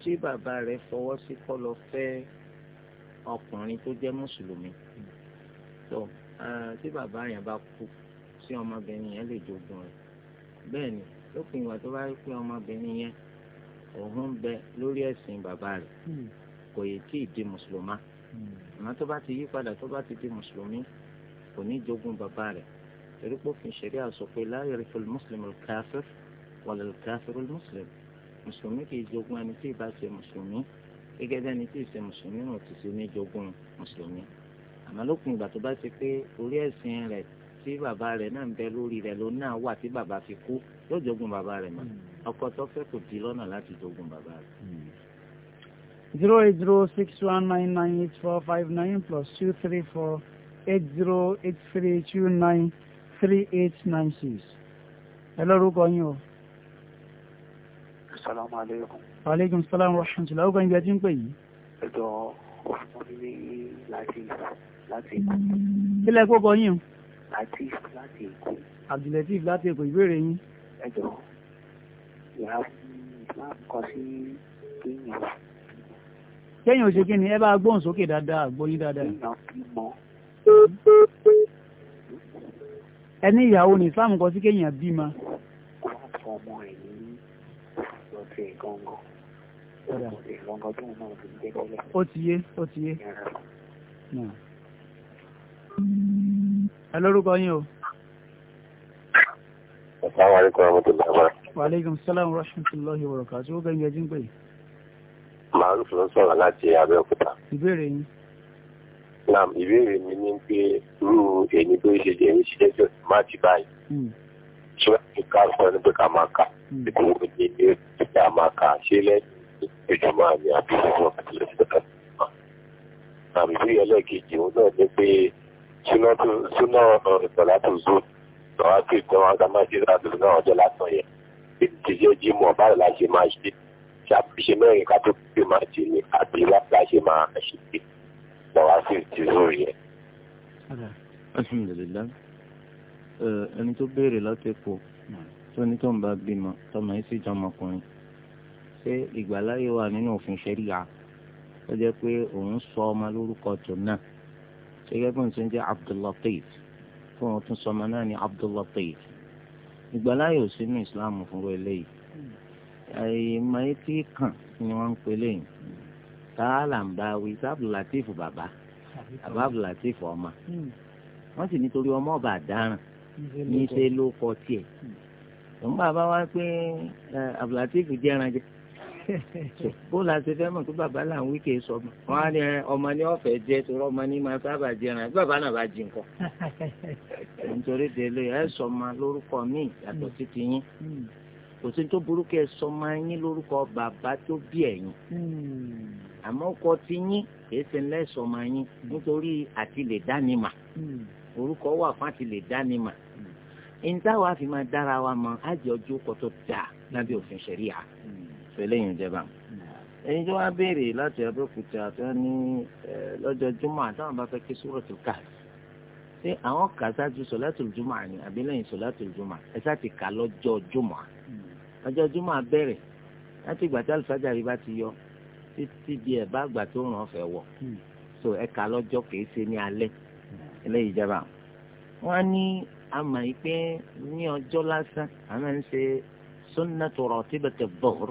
tí bàbá rẹ̀ fọwọ́ sí kọ́ lọ fẹ́ ọkùnrin tó jẹ́ mùsùlùmí. tó hmm. tí bàbá yẹn bá kú sí ọmọbìnrin yẹn lè jogun rẹ̀ bẹ́ẹ̀ ni lópin ìgbà tó bá rí pé ọmọbìnrin yẹn òun ń bẹ lórí ẹ̀sìn bàbá rẹ̀ hmm. kò yẹ kí ì di mùsùlùmá hmm. àmọ́ tó bá ti yí padà tó bá ti di mùsùlùmí kò ní jogun bàbá rẹ̀ torí pé òfin ṣẹ̀ríà sọ pé la yarithul muslimul kafir walal kafirul muslim mùsùlùmí kì í jogun ẹni tí ì bá ṣe mùsùlùmí gẹ́gẹ́ bí ẹni tí ì ṣe mùsùlùmí náà ti ṣe ní jogun mùsùlùmí àmọ́ lópin ìgbà tó bá ti pé orí ẹ̀sìn rẹ̀ tí bàbá rẹ̀ náà ń bẹ lórí rẹ̀ ló náà wà tí bàbá fi kú yóò jogun bàbá rẹ̀ mọ́ hmm. ọkọ tó fẹ́ kò di lọ́nà láti jogun bàbá rẹ̀. Hmm. zero eight zero six one nine nine eight four five nine plus two three four eight zero eight three two nine three eight nine six. ẹ lórúkọ yín o. salaamu aleykum. aleykum salaam wa rahmatulah. ó kàn yín bí ẹ ti ń pè yìí. ẹ̀dọ̀ ọ̀fun ní láti láti. kílẹ̀ kó yín o. Latif láti Èkó. Abdulatif láti Èkó ìbéèrè yín. Ẹ jọ ìyá Islam kọ sí kéèyàn. Kéèyàn ò ṣe kí ni ẹ bá gbóhùn sókè dáadáa gbóyún dáadáa. Kéèyàn bímọ. Ẹni ìyàwó ni Islam kọ sí kéèyàn bímọ. Wọ́n fọ ti jẹ́ tẹ́lẹ̀. ti yé, ó ti yé ẹ lórúkọ yín o. Assalamu alaikum warahmatullahi wabarakatuh. Wa alaikum salam warahmatullahi wabarakatuh. Tí ó bẹ́ẹ̀ ń gẹjú ń pè. Màálù fún sọ̀rọ̀ láti Abẹ́òkúta. Ìbéèrè yín. Nam ìbéèrè mi ní pé irú èyí tó ṣe jẹ́ ní ṣiṣẹ́ jọ má ti báyìí. Hmm. Ṣé wọ́n ti ká fún ẹni pé ká máa kà? Hmm. Ìkòwò ni ilé ìjà máa kà ṣé lẹ́yìn ìjọba àmì àbí ìjọba àti ìjọba. Àmì ìbéèrè ẹlẹ́ẹ̀kejì òun náà ní pé súná ìsọ̀látò zoo àwọn akéèkó wọn ká máa ṣe láti náà ọjọ́ lásán yẹn ìdíje jímọ̀ báyìí la ṣe máa ṣe ṣàbíṣe mẹ́rin ká tó pè máa ṣe ni àbí la ṣe máa ṣe pé lọ́wọ́ sí ti zoo yẹn. alhamdulilayi ẹni tó béèrè láti pọ̀ tó ní tó ń bá bímọ tọmọ yìí sì jọ ọmọkùnrin ṣé ìgbàláyé wà nínú òfin ṣẹlẹ̀ à ó jẹ́ pé òun sọ ọmọ lórúkọ tó náà gẹ́gẹ́ bí wọ́n ti ń jẹ́ abdullatif fún wọn tún sọmọ náà ní abdullatif ìgbàláyè ò sínú islam fún wọn eléyìí àìmọ̀ etí kàn ni wọ́n ń pè léyìn tààlà ń bá wí sábùlàtif bàbá àbábùlàtif ọmọ wọ́n sì nítorí ọmọ ọba àdáràn níṣẹ́ ló kọ tiẹ̀ òun bàbá wa pé abdulatif jẹ́ran jẹ́ bóun láti fẹ́ mọ̀ pé bàbá là ń wí kì í sọ ọmọ wọn á ní ọmọ ní ọ̀fẹ́ jẹ́ torí ọmọ ní máa sábà jẹran bí bàbá náà bá jí nǹkan. (laughs) nítorí délé ẹ sọ ma lórúkọ míì yàtọ̀ sí ti yín kò sí tó burú kẹ́ sọ ma yín lórúkọ bàbá tó bí ẹ̀yin àmọ́ ọkọ ti yín kìí ṣe lẹ́sọ̀ọ́ ma yín nítorí àti lè dánimà orúkọ wà fún àti lè dánimà ìntàwá fi máa dára wa mọ àjọjú kọtọ dáa lábẹ́ òfin ṣẹ̀ríà fẹlẹ́yìn ìjẹba ẹni tó wá béèrè láti abẹ́òkúta tó ní lọ́jọ́ júmọ̀ àtàwọn bá fẹ́ kí suratul Kahf ṣé àwọn kà sáájú solatul júmọ̀ ni àbí lẹ́yìn solatul júmọ̀ ẹ sá ti kà lọ́jọ́ júmọ̀ lọ́jọ́ júmọ̀ bẹ̀rẹ̀ láti ìgbà tí alùpàjárì bá ti yọ títí di ẹ̀ bá àgbà tó ràn fẹ́ wọ̀ so ẹ kà lọ́jọ́ kìí ṣe ní alẹ́ eléyìí ìjẹba wọn ní àmà yìí pé ní ọjọ́ lásán àmà ń ṣe sunnatu ratibati dhuhr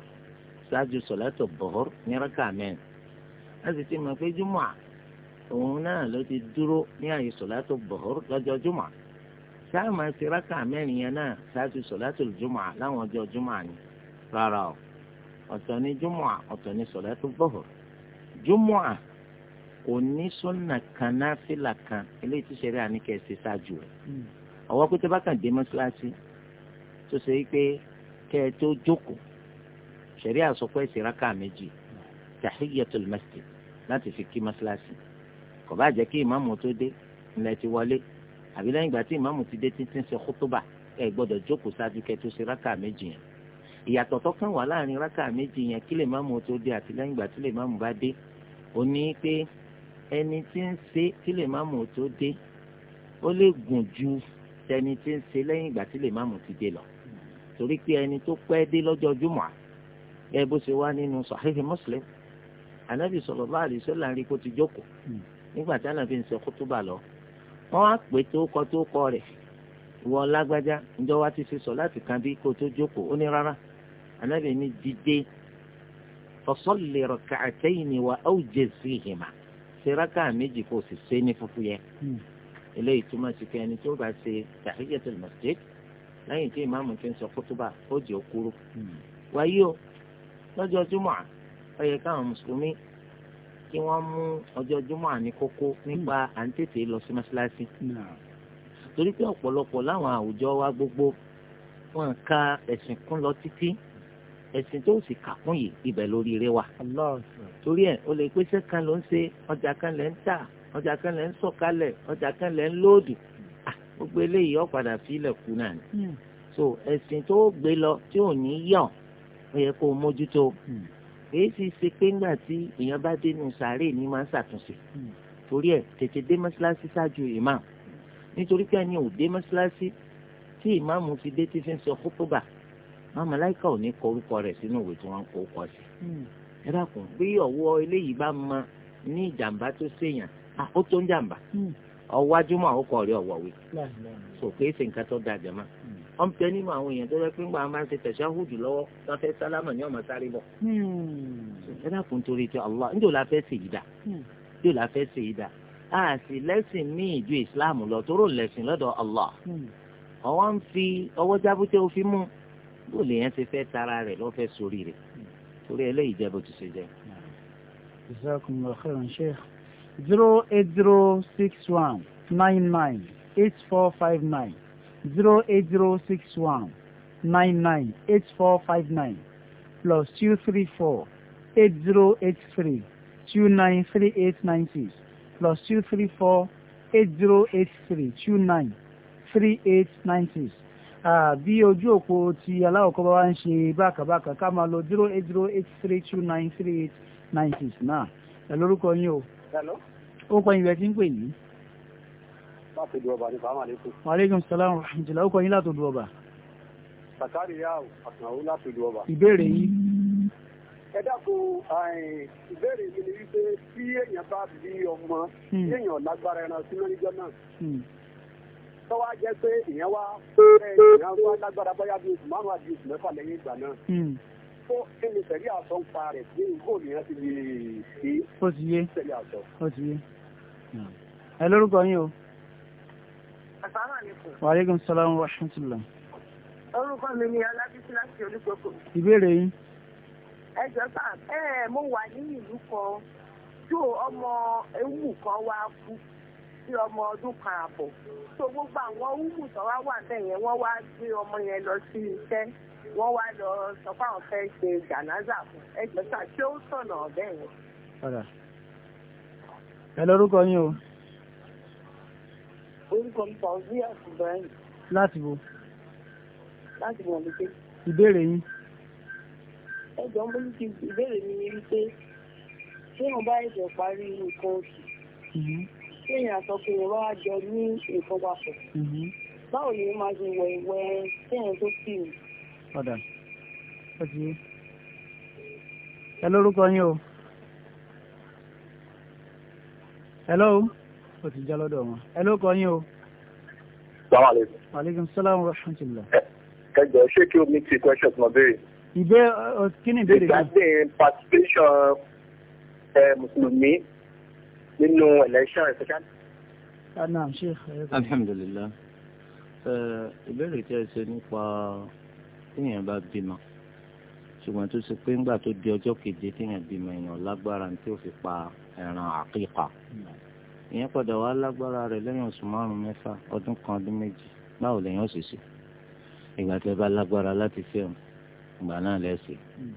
ṣáájú sọ̀látọ̀ bọ̀họ́r ní rákà mẹ́rin láti ti mọ̀ pé júmọ̀ òun náà ló ti dúró ní àyè sọ̀látọ̀ bọ̀họ́r lọ́jọ́ júmọ̀ ṣáà máa ṣe rákà mẹ́rin yẹn náà ṣáájú sọ̀látọ̀ júmọ̀ láwọn ọjọ́ júmọ̀ ni rárá o ọ̀tọ̀ ni júmọ̀ ọ̀tọ̀ ni sọ̀látọ̀ bọ̀họ́r júmọ̀ kò ní sọ́nà kan náà fìlà kan eléyìí tí ṣẹlẹ̀ àníkẹ́ ṣe ṣáájú rẹ̀ hmm. ọ̀wọ́ pété bá mọ́ṣáláṣí tó ṣe wípé kẹ́ ẹ tó jókòó ṣẹ̀ríà sọ pé ìsìnraka méjì tahiyatul masjid láti fi kí mọ́ṣáláṣí kò bá jẹ́ kí ìmáàmù tó dé ilẹ̀ ti wọlé àbí lẹ́yìn ìgbà tí ìmáàmù ti dé títí ń ṣe kútúbà ẹ gbọ́dọ̀ jókòó ṣáájú kẹ́ tó ṣe rákà méjì yẹn ìyàtọ̀ tó kàn wá láàrin rákà méjì yẹn kí lè máàmù tó dé àti lẹ́yìn ìgbà tí lè máàmù bá dé ó ní pé ẹni tí ń ṣe kí lè máàmù tó dé ó lè gùn ju tẹni tí ń ṣe lẹ́yìn ìgbà tí lè máàmù ti dé lọ torí pé ẹni tó pẹ́ dé lọ́jọ́ jùmọ̀á gẹ́gẹ́ bó ṣe wá nínú sàhíhì Muslim anabi sallallahu alaihi wasallam ń rí kó ti jókòó hmm. nígbà tí anabi ń ṣe kútúbà lọ wọ́n á pè tó kọ tó kọ rẹ̀ ìwọ lágbájá ǹjọ́ wa ti ṣe sọ láti kan bí kó tó jókòó ó ní rárá anabi ní dìde fasalli rak'ataini wa awjiz fihima ṣe rákà méjì kó sì ṣe ní fúfú yẹn hmm. eléyìí túmọ̀ sí pé ẹni tó bá ṣe tahiyatul masjid lẹ́yìn tí ìmáàmù ti ń sọ kútúbà ó jẹ́ òkúrú hmm. wáyé o lọ́jọ́ júmọ̀ ó yẹ káwọn mùsùlùmí kí wọ́n mú ọjọ́ júmọ̀ ní kókó nípa hmm. à ń tètè lọ sí mọ́ṣáláṣí. torí pé ọ̀pọ̀lọpọ̀ láwọn àwùjọ wa gbogbo wọn ka ẹ̀sìn kún lọ títí ẹ̀sìn tó sì kà kún yìí ibẹ̀ lórí rẹ wa. torí ẹ̀ o lè pèsè kan ló ń ṣe ọjà kan lẹ́ ń tà ọjà kan lẹ́ ń sọ̀kalẹ̀ ọjà kan lẹ́ ń lóòdù ah, gbogbo eléyìí ó fi ilẹ̀ náà ni. Hmm. so ẹ̀sìn tó gbé lọ tí ò ní yàn ó yẹ kó o mójútó èyí hmm. sì ṣe pé ńgbà tí èèyàn bá dénú sàárè ní máa ń ṣàtúnṣe hmm. torí ẹ̀ tètè dé mọ́ṣáláṣí ṣáájú ìmáà nítorí pé ẹni ò dé mọ́ṣáláṣí tí ìmáàmù fi dé tí fi ń sọ kótóbà màmá láìka ò ní kọ orúkọ rẹ̀ sínú ìwé tí wọ́n ń kó kọ sí. Hmm. ẹ dákun bí ọwọ́ eléyìí bá ma ní ìjàmbá tó ṣèyàn ó ń jàmbá ọwájú mọ́ àwọn kọ̀ rí ọ̀wọ́wé so kìí ṣe nǹkan tó dáa jẹ́ máa wọ́n ń bẹ nínú àwọn èèyàn tó yẹ pé ńgbà máa ń ṣe tẹ̀síáhùdù lọ́wọ́ tó fẹ́ sálámà ní ọmọ sáré bọ̀. Hmm. ẹ dákun torí ti Allah níjò la fẹ́ ṣèyí dà níjò la fẹ́ ṣèyí dà a sì lẹ́sìn míì ju Islam lọ tóró lẹ́sìn lọ́dọ̀ Allah hmm. ọwọ́ ń fi ọwọ́ jábútẹ́ òfin mú bó lè yẹn ti fẹ́ tara rẹ̀ lọ́ fẹ́ sórí rẹ̀ hmm. torí eléyìí jẹ́ bó ti ṣe jẹ́. Jazakumullahu khairan Sheikh zero eight zero six one nine nine eight four five nine zero eight zero six one nine nine eight four five nine plus two three four eight zero eight three two nine three eight nine six plus two three four eight zero eight three two nine three eight nine six bí ojú òpó ti aláwọ̀kọ́ bá wá ń ṣe bákàbákà ká máa lo zero eight zero eight three two nine three eight nine six náà ẹ̀ lórúkọ yín o. ó pẹ́ ìrẹsì ń pè yín láti dùọ̀bà ní sàmà lẹ́kùn. maaleykum salaam rahmatulah ọkọ̀ yín láti dùọ̀bà. sàkárì yá àtàwọn láti dùọ̀bà. ìbéèrè yìí. ẹ dákun ìbéèrè mi ni wípé tí èèyàn bá bí ọmọ hmm. èèyàn lágbára ẹran sínú níjọ́ náà hmm. tó wá jẹ́ pé ìyẹn wá ìyẹn wá lágbára bóyá bíi oṣù márùn-ún àti oṣù mẹ́fà lẹ́yìn ìgbà náà. Hmm. tó kí sẹ̀rí àṣọ ń pa rẹ̀ bí nǹkan òmìnira ti lè ṣe. ó ti yé ó ti yé. ẹ lórúkọ yín o. Wàlégún Sọlámù Washington. Orúkọ mi ni Ọlábísí láti Olúkòkò. Ìbéèrè yín. Ẹ jọ sá, ẹ mo wà ní ìlú kan tó ọmọ ewú kan wá kú sí ọmọ ọdún kan àbọ̀. So gbogbo àwọn wúwù tó wá wà bẹ́ẹ̀ yẹn wọ́n wá gbé ọmọ yẹn lọ sí iṣẹ́. Wọ́n wá lọ sọ pé àwọn fẹ́ ṣe jànáza fún. Ẹ jọ sá, ṣé ó sọ̀nà ọ̀bẹ́ yẹn? Ẹ lórúkọ yín o orúkọ mi fàúzíà ibrahim. láti wo. láti wọ̀n mi pé. ìbéèrè yín. ẹ jọ mo ní kí ìbéèrè mi ni wípé ṣé wọn bá ẹ̀jẹ̀ parí nǹkan oṣù. ṣé mhm. èèyàn sọ pé ìrọ̀ àjọ ní nǹkan papọ̀. Mhm. báwo ni wọ́n máa ṣe wẹ̀ ìwẹ̀ sẹ́yìn tó kì í. ọ̀dà ó ti ẹ lórúkọ yín o. hello ó ti já lọ́dọ̀ wọn ẹ ló kọ yín o. salaamaleykum. maaleykum salaam wa rahmatulah. kẹjọ ṣé kí o ní ti question mo béèrè. ìbé kí ni ìbéèrè náà. regarding participation mùsùlùmí nínú election especially. anam ah, sheikh. alhamdulilah ìbéèrè tí ẹ ṣe nípa téèyàn bá bímọ ṣùgbọ́n tó ṣe pé ńgbà tó di ọjọ́ keje téèyàn bímọ èèyàn lágbára tí ó fi pa ẹran àkíkà ìyẹn padà wá lágbára rẹ̀ lẹ́yìn oṣù márùn mẹ́fà ọdún kan ọdún méjì báwo lẹ́yìn òṣìṣẹ́ ìgbà tẹ́ bá lágbára láti fẹ́ òun ìgbà náà lẹ́sẹ̀ hmm.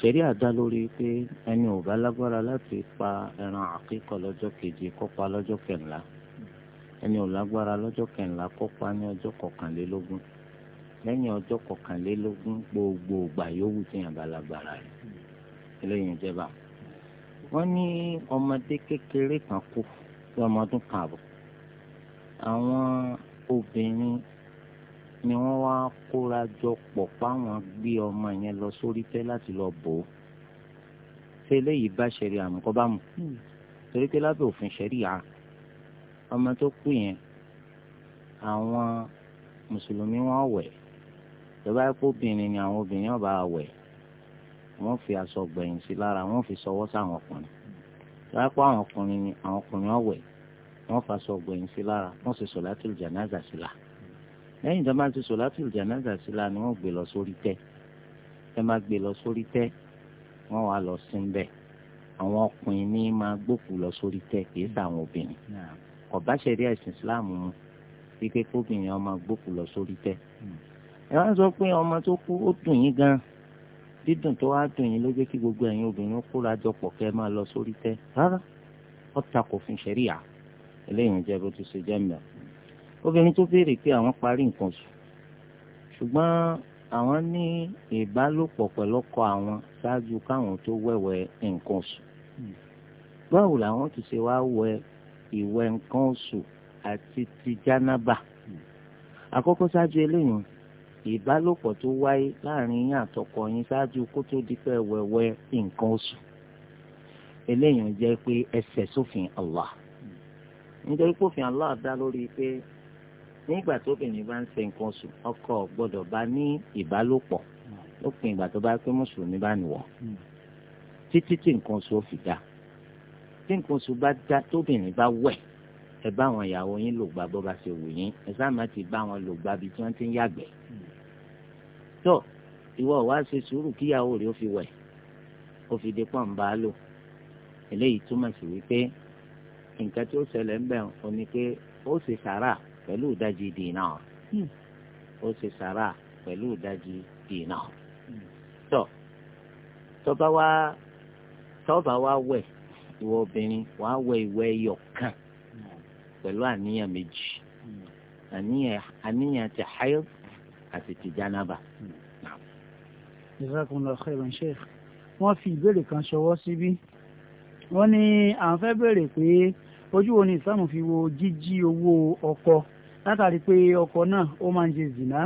ṣẹ̀rí àdá lórí pé ẹni ò bá lágbára láti pa ẹran àkíkọ̀ lọ́jọ́ keje kó pa lọ́jọ́ kẹ̀ńlá ẹni ò lágbára lọ́jọ́ kẹ̀ńlá kó pa ní ọjọ́ kọkànlélógún lẹ́yìn ọjọ́ kọkànlélógún gbogbo ìgbà yòówù tí yàn bá lágbára rẹ̀ hmm. eléyìí ń jẹba wọ́n ní ọmọdé kékeré kan kú fún sí ọmọ ọdún kan àbọ̀ àwọn obìnrin ni wọ́n wá kóra jọ pọ̀ páwọn gbé ọmọ yẹn lọ sórí tẹ́ láti lọ bò ó ṣé eléyìí bá ṣẹ̀rí àmì kọ́ bá mu hmm. torí pé lábẹ́ òfin ṣẹ̀rí à ọmọ tó kú yẹn àwọn mùsùlùmí wọn wẹ̀ ìjọba ẹ̀kọ́ obìnrin ni àwọn obìnrin ọba wẹ̀ wọ́n fi aṣọ gbẹ̀yìn sí lára wọ́n fi sọwọ́ sáwọn ọkùnrin ìjọba ẹ̀kọ́ àwọn ọkùnrin ni àwọn ọkùnrin ọwẹ̀ wọ́n fa aṣọ ọ̀gbọ̀yìn sí lára wọ́n ṣe sọ̀látìlù jànáza sí la lẹ́yìn tó máa ti sọ̀látìlù jànáza sí la ni wọ́n gbé lọ sórí tẹ́ ẹ máa gbé lọ sórí tẹ́ wọ́n wá lọ sí bẹ́ẹ̀ àwọn ọkùnrin ní máa gbókù lọ sórí tẹ́ kìí sàwọn obìnrin kò bá ṣẹ̀rí ẹ̀sìn mu wípé kóbìnrin ọmọ gbókù lọ sórí tẹ́ ẹ wá sọ pé ọmọ tó kú ó dùn yín gan dídùn tó wá dùn yín ló jẹ́ kí gbogbo ẹ̀yin obìnrin kóra jọpọ̀ kẹ́ máa lọ sórí tẹ́ rárá ó takò fún ṣẹ̀ríà eléyìí ń jẹ́ bó ti ṣe jẹ́ mbà. obìnrin tó béèrè pé àwọn parí nǹkan oṣù ṣùgbọ́n àwọn ní ìbálòpọ̀ pẹ̀lú ọkọ àwọn ṣáájú káwọn tó wẹ̀wẹ̀ nǹkan oṣù. báwo làwọn ti ṣe wá wẹ ìwẹ̀ nǹkan oṣù àti ti jánábà. àkọ́kọ́ ṣáájú eléyìí ìbálòpọ̀ tó wáyé láàrin yín àtọkọ yín ṣáájú kó tó di pé wẹ̀wẹ̀ nǹkan oṣù eléyìí jẹ́ pé ẹsẹ̀ sófin Allah nítorí pófin Allah dá lórí pé nígbà tóbìnrin bá ń ṣe nǹkan oṣù ọkọ gbọ́dọ̀ bá ní ìbálòpọ̀ lópin ìgbà tó bá pé mùsùlùmí bá nìwọ hmm. títí tí nǹkan oṣù ó fi dá tí nǹkan oṣù bá dá tóbìnrin bá wẹ̀ ẹ bá àwọn ìyàwó yín lò gbà bó bá ṣe wù yín ẹ sáà má ti bá wọn lò gbà bí tí wọ́n ti ń yàgbẹ́ tó ìwọ wá ṣe sùúrù kíyàwó rẹ̀ ó fi wẹ̀ ó fi dé pọ̀ ń bá a lò eléyìí túmọ̀ sí wípé nǹkan tí ó ṣẹlẹ̀ ń bẹ̀ ò ní pé ó ṣe sàrà pẹ̀lú ìdajì dínà hmm. ó ṣe sàrà pẹ̀lú ìdajì dínà. Hmm. tọ́ tọ́ba wá tọ́ba wá wẹ̀ ìwọ obìnrin wàá wẹ̀ ìwẹ̀ ẹyọ kan pẹ̀lú àníyàn méjì hmm. àníyàn ti hayo àti ti janaba. jazakumullahu khairan sheikh wọ́n fi ìbéèrè kan ṣọwọ́ síbí wọ́n ní à ń fẹ́ béèrè pé ojú wo ni ìsìlámù fi wo jíjí owó ọkọ látàrí pé ọkọ náà ó máa ń ṣe zìnà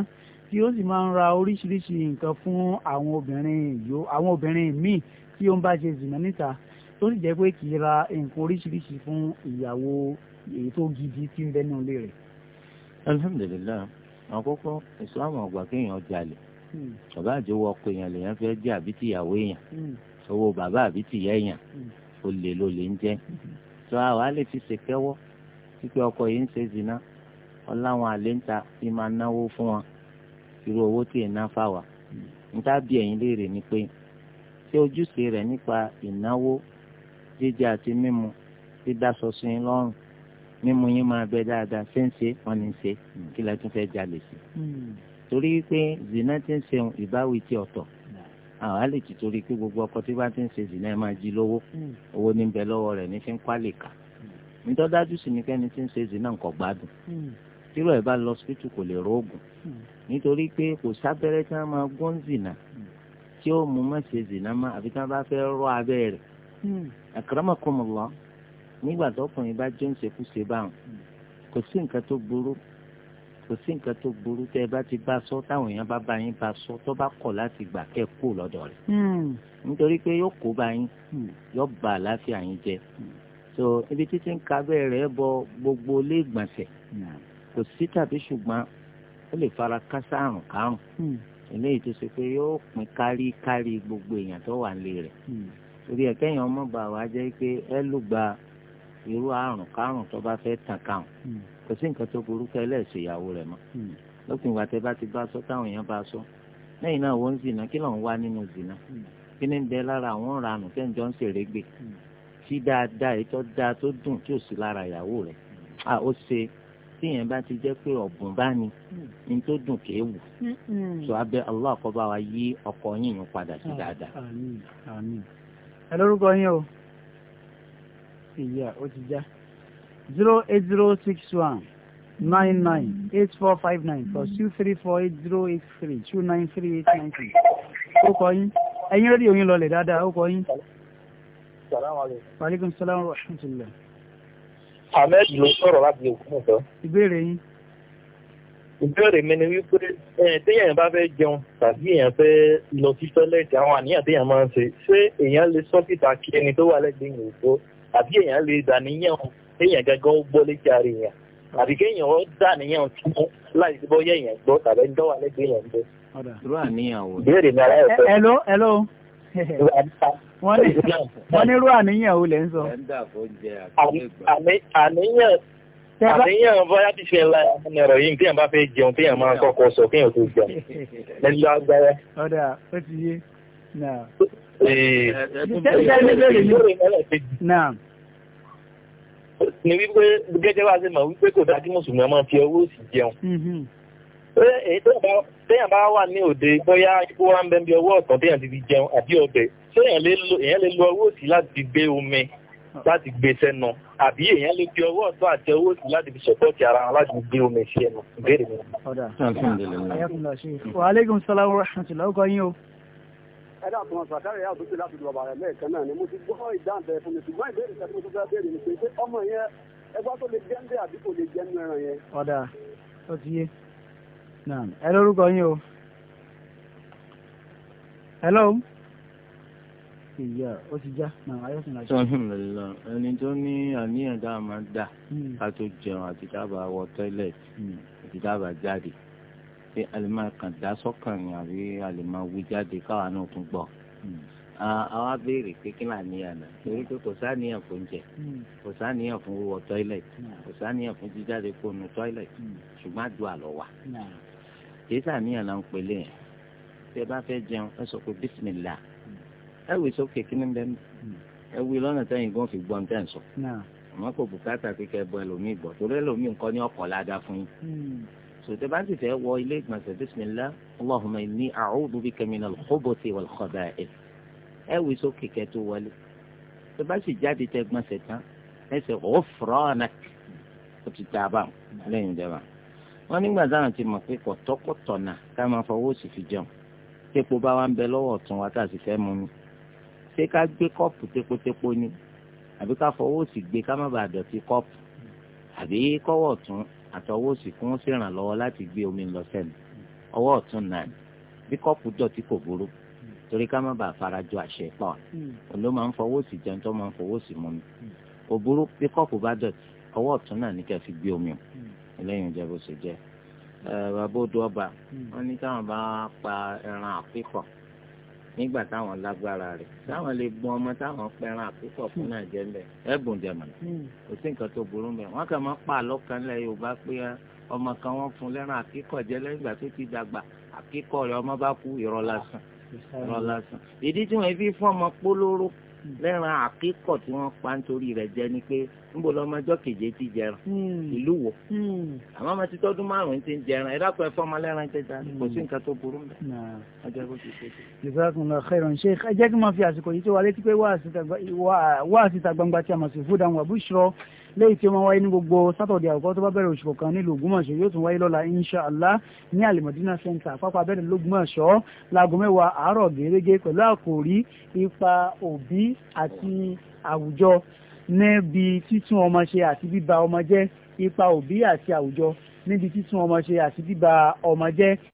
tí ó sì máa ń ra oríṣiríṣi nǹkan fún àwọn obìnrin yòó àwọn obìnrin míì tí ó ń bá ṣe zìnà níta tó sì jẹ́ pé kì í ra nǹkan oríṣiríṣi fún ìyàwó èyí tó gidi tí ń bẹ́nu ilé rẹ̀. alhamdulilayi àkọ́kọ́ ìsìlámù ọ̀gbà kéèyàn jalè hmm. bàbá àjẹwò ọkọ èèyàn lèèyàn fẹ́ jẹ́ àbí tìyàwó èèyàn owó hmm. bàbá àbí tìyá èèyàn hmm. olè ló ń jẹ́ tó àwa lè fi ṣèkẹ́wọ́ wípé ọkọ yìí ń ṣe zina ọláwọn àlè ń ta fi máa náwó fún wọn irú owó tí ì ná fáwa níta bí ẹ̀yin léèrè ni pé ṣé ojúṣe rẹ̀ nípa ìnáwó jíjẹ àti mímu dídásọ sí i lọ́rùn mímu yín máa bẹ dáadáa ṣé ń ṣe wọn ní ṣe hmm. kí lẹ́tún fẹ́ jalè sí hmm. torí pé zina ti ń ṣe ìbáwí ti ọ̀tọ̀ àwọn àlè ti torí pé gbogbo ọkọ tí bá ti ń ṣe zìnà ẹ máa jí lówó hmm. owó ní bẹ lọ́wọ́ rẹ̀ ní fi ń kwalè kà hmm. nítọ́dájú sì ni kẹ́ni tí ń ṣe zìnà nǹkan gbádùn hmm. tírọ̀ ẹ̀ bá lọ sípítù kò lè rógùn nítorí pé kò sábẹ́rẹ́ tí wọ́n máa gún zìnà tí ó mú má ṣe zìnà má àfi tí wọ́n bá fẹ́ rọ́ abẹ́ rẹ̀ akramakumullah nígbà tọkùnrin bá jẹun ṣekúṣe báwọn kò sí nǹkan tó burú kò sí nǹkan tó burú tẹ ẹ bá ti bá sọ táwọn èèyàn bá bá yín bá sọ tó bá kọ̀ láti gbà kẹ́ kú lọ́dọ̀ rẹ̀ hmm. nítorí pé yóò kó bá yín hmm. yóò bà àlàáfíà yín jẹ́ hmm. so ibi títí ń ka bẹ́ẹ̀ rẹ̀ bọ gbogbo ilé ìgbọ̀nsẹ̀ kò sí tàbí ṣùgbọ́n ó lè fara kásá àrùn kárùn eléyìí tó ṣe pé yóò pín kárí kárí gbogbo èèyàn tó wà nílé rẹ̀ torí ẹ̀ ọmọ bàwá jẹ́ pé ẹ lùgbà irú àrùn kárùn tó bá fẹ́ tàn káwọn kò sí nǹkan tó burú ká ẹlẹ́sìn ìyàwó rẹ̀ mọ́ hmm. lópin ìgbà tẹ bá ti bá sọ táwọn èèyàn bá sọ lẹ́yìn náà wọ́n ń zìnà kí lọ́n wá nínú zìnà hmm. kí ní bẹ lára àwọn ìranù tẹ́ ń jọ ń ṣeré gbé hmm. tí dáadáa ètò dáa tó dùn tí ò sí lára ìyàwó rẹ̀ à ó ṣe tíyẹn bá ti jẹ́ pé ọ̀bùn bá ní ní tó dùn kéé wù sọ abẹ́ Allah kó bá wa yí ọkọ yíyan padà sí ah, dáadáa. ẹ lórúkọ yín o ìyá ó ti já zero eight zero six one nine nine eight four five nine plus two three four eight zero eight three two nine three eight nine three. ó kọ yín ẹ̀yin rédíò yín lọlẹ̀ dáadáa ó kọ yín. salaamaleykum. salaam wa rahmatulah. ahmed ló sọ̀rọ̀ láti òkú ọ̀dọ́. ìbéèrè yín. ìbéèrè mi ni wípé téèyàn bá fẹ́ jẹun tàbí èèyàn fẹ́ lọ sí tọ́lẹ̀tì àwọn àníyàn téèyàn máa ń ṣe ṣé èèyàn lè sọ́kìtà kí ẹni tó wà lẹ́gbẹ̀ẹ́ yìí tó tàbí èèyàn lè dàníyàn kéèyàn gẹ́gẹ́ ó gbọ́ létí ara èèyàn àbí kéèyàn ó dà níyàn tún láì sí bóyá èèyàn gbọ́ tàbí ń dọ́wà lẹ́gbẹ̀ẹ́ èèyàn gbọ́. ìbéèrè mi aláyọ̀ fẹ́. hello hello. wọ́n ní irú àníyàn ò lẹ́ ń sọ. àníyàn àníyàn bóyá ti ṣe ńlá ẹni ọ̀rọ̀ yìí téèyàn bá fẹ́ jẹun téèyàn máa kọ́kọ́ sọ kéèyàn tó jẹun lẹ́yìn agbára. ọ̀dà ó ti yé. Naam. Ẹ̀ẹ́dẹ́gbẹ̀rẹ̀ ni wípé gẹ́gẹ́ bá ṣe mọ̀ wípé kò dájú mùsùlùmí ọmọ fi owó sì jẹun mm-hmm. èyí téèyàn bá wà ní òde bóyá ikú wa ń bẹ bí ọwọ́ ọ̀tàn téèyàn ti fi jẹun àbí ọbẹ̀ téèyàn lè lo ọwọ́ òsì láti gbé omi láti gbé sẹ́nu àbí èèyàn lè fi ọwọ́ ọ̀tọ́ àti ọwọ́ òsì láti fi ṣọ̀pọ̀tì ara wọn láti gbé omi sí ẹnu ìbéèrè mi. Wa alaikum salaam wa rahmatullahi wa barakatuh ẹ̀dá àtúnwà sàkárẹ̀ yà àtúntò láti bàbá rẹ̀ lẹ́ẹ̀kan náà ni mo ti gbọ́ ìdáǹtẹ̀ fún mi ṣùgbọ́n ìbéèrè kan tí mo tún fẹ́ béèrè ni pé ọmọ yẹn ẹgbẹ́ tó lè jẹ́ ń bẹ́ àbí kò lè jẹ́ nínú ẹran yẹn. ọ̀dà ó ti yé ẹ lórúkọ yín o hello ìyá ó ti já náà ayọ́sìn láti. alhamdulillah ẹni tó ní àníyàn dáa máa dà hmm. ká tó jẹun àti dábàá wọ tọ́ílẹ̀tì hmm. àti dábàá jáde pé a lè máa kàn dá sọ́kàn ni àbí a lè máa wí jáde káwa náà tún gbọ́ àwa hmm. béèrè pé kí là ní àná torí pé kò sáníyàn fún jẹ hmm. kò sáníyàn fún wíwọ tọ́ílẹ̀tì hmm. kò sáníyàn fún jíjáde kó nu tọ́ílẹ̀tì ṣùgbọ́n àdúrà lọ wà kì í sàníyàn là ń pèlè yẹn tí ẹ bá fẹ́ jẹun ẹ sọ pé bísímìlà ẹ wí sókè kí ni bẹ́ẹ̀ ẹ wí lọ́nà tẹ́yìn gan fi gbọ́n tẹ́ ń sọ àmọ́ kò bùkátà pé kẹ́ ẹlòmíì gbọ́ torí ẹlòmíì nǹkan ní ọkọ̀ ládàá fún yín sòtẹ́ bá sì fẹ́ wọ ilé ìgbọ̀nsẹ̀ bismillah allahumma inni a'udhu bika minal khubuthi wal khaba'ith ẹ wí sókè kẹ́ tó wọlé tó bá sì jáde tẹ gbọ̀nsẹ̀ tán ẹsẹ̀ ghufranak ó ti tà bá lẹ́yìn ìjọba wọn nígbà táwọn ti mọ̀ pé kọ̀tọ́kọ̀tọ̀ náà ká máa fọwọ́ sí fi jẹun tépo bá wa ń bẹ lọ́wọ́ ọ̀tún wa tá sì fẹ́ mu ni ṣé ká gbé kọ́ọ̀pù tépotépo ni àbí ká fọwọ́ sí gbé ká má bàa dọ̀tí kọ́ọ̀pù àbí kọ́wọ́ ọ̀tún àtọwọ́ òsì kí wọ́n ṣèrànlọ́wọ́ láti gbé omi lọ sẹ́nu ọwọ́ ọ̀tún náà ni bí kọ́ọ̀pù dọ̀tí kò burú torí ká má bàa farajọ àṣẹ pa òun ló máa ń fọwọ́ òsì jẹun tó máa ń fọwọ́ òsì mú mi kò burú bí kọ́ọ̀pù bá dọ̀tí ọwọ́ ọ̀tún náà ní kẹ́ fi gbé omi o eléyìí jẹ́ bó ṣe jẹ́ bàbá odò ọba wọn ní káwọn bá pa ẹran àpékọ̀ọ́ nígbà táwọn lágbára rẹ̀ hmm. táwọn lè bùn ọmọ táwọn pẹran àkókò fún hmm. náà jẹ ńlẹ ẹbùn jẹmọ kò sí nǹkan tó burú mẹ wọn kàn máa pa àlọkànlẹ yorùbá pé ah, ọmọ kan wọn fún lẹ́ran àkíkọ̀ jẹ lẹ́yìn ìgbà tó ti dàgbà àkíkọ̀ rẹ̀ ọmọ bá kú irọ́ hmm. lásán ìdí tí wọn fi fún ọmọ polówó lẹ́ran àkíkọ̀ tí wọ́n pa nítorí rẹ̀ jẹ ni pé níbo lọ́mọjọ́ keje ti jẹran hmm. ìlú wo hmm. àmọ́ ọmọ ti tọ́dún márùn-ún ti ń jẹran ẹ dákun ẹ fọ́mọ lẹ́ran jẹ jẹ kò sí hmm. nǹkan tó burú mẹ́. ìsàkùn náà xẹ́rọ̀ ṣe ẹ jẹ́ kí n máa fi àsìkò yìí tó wa létí pé wá àsìta gbangba tí a mọ̀ sí fúdà wọn àbúṣọ léyìí tí ó máa wáyé ní gbogbo sátọ̀dẹ̀ àkọ́kọ́ tó bá bẹ̀rẹ̀ oṣù kọ̀ọ̀kan nílùú ògbómọ̀ṣọ́ yóò tún wáyé lọ́la inshàlá ní alimọ̀dínà center pápá abẹ́rẹ́ lógúnmọ̀ṣọ́ láago mẹ́wàá àárọ̀ gẹ́gẹ́ pẹ̀lú àkòrí ipa òbí àti àwùjọ níbi títún ọmọ ṣe àti bíba ọmọ jẹ́ ipa òbí àti àwùjọ níbi títún ọmọ ṣe àti bíba ọmọ jẹ́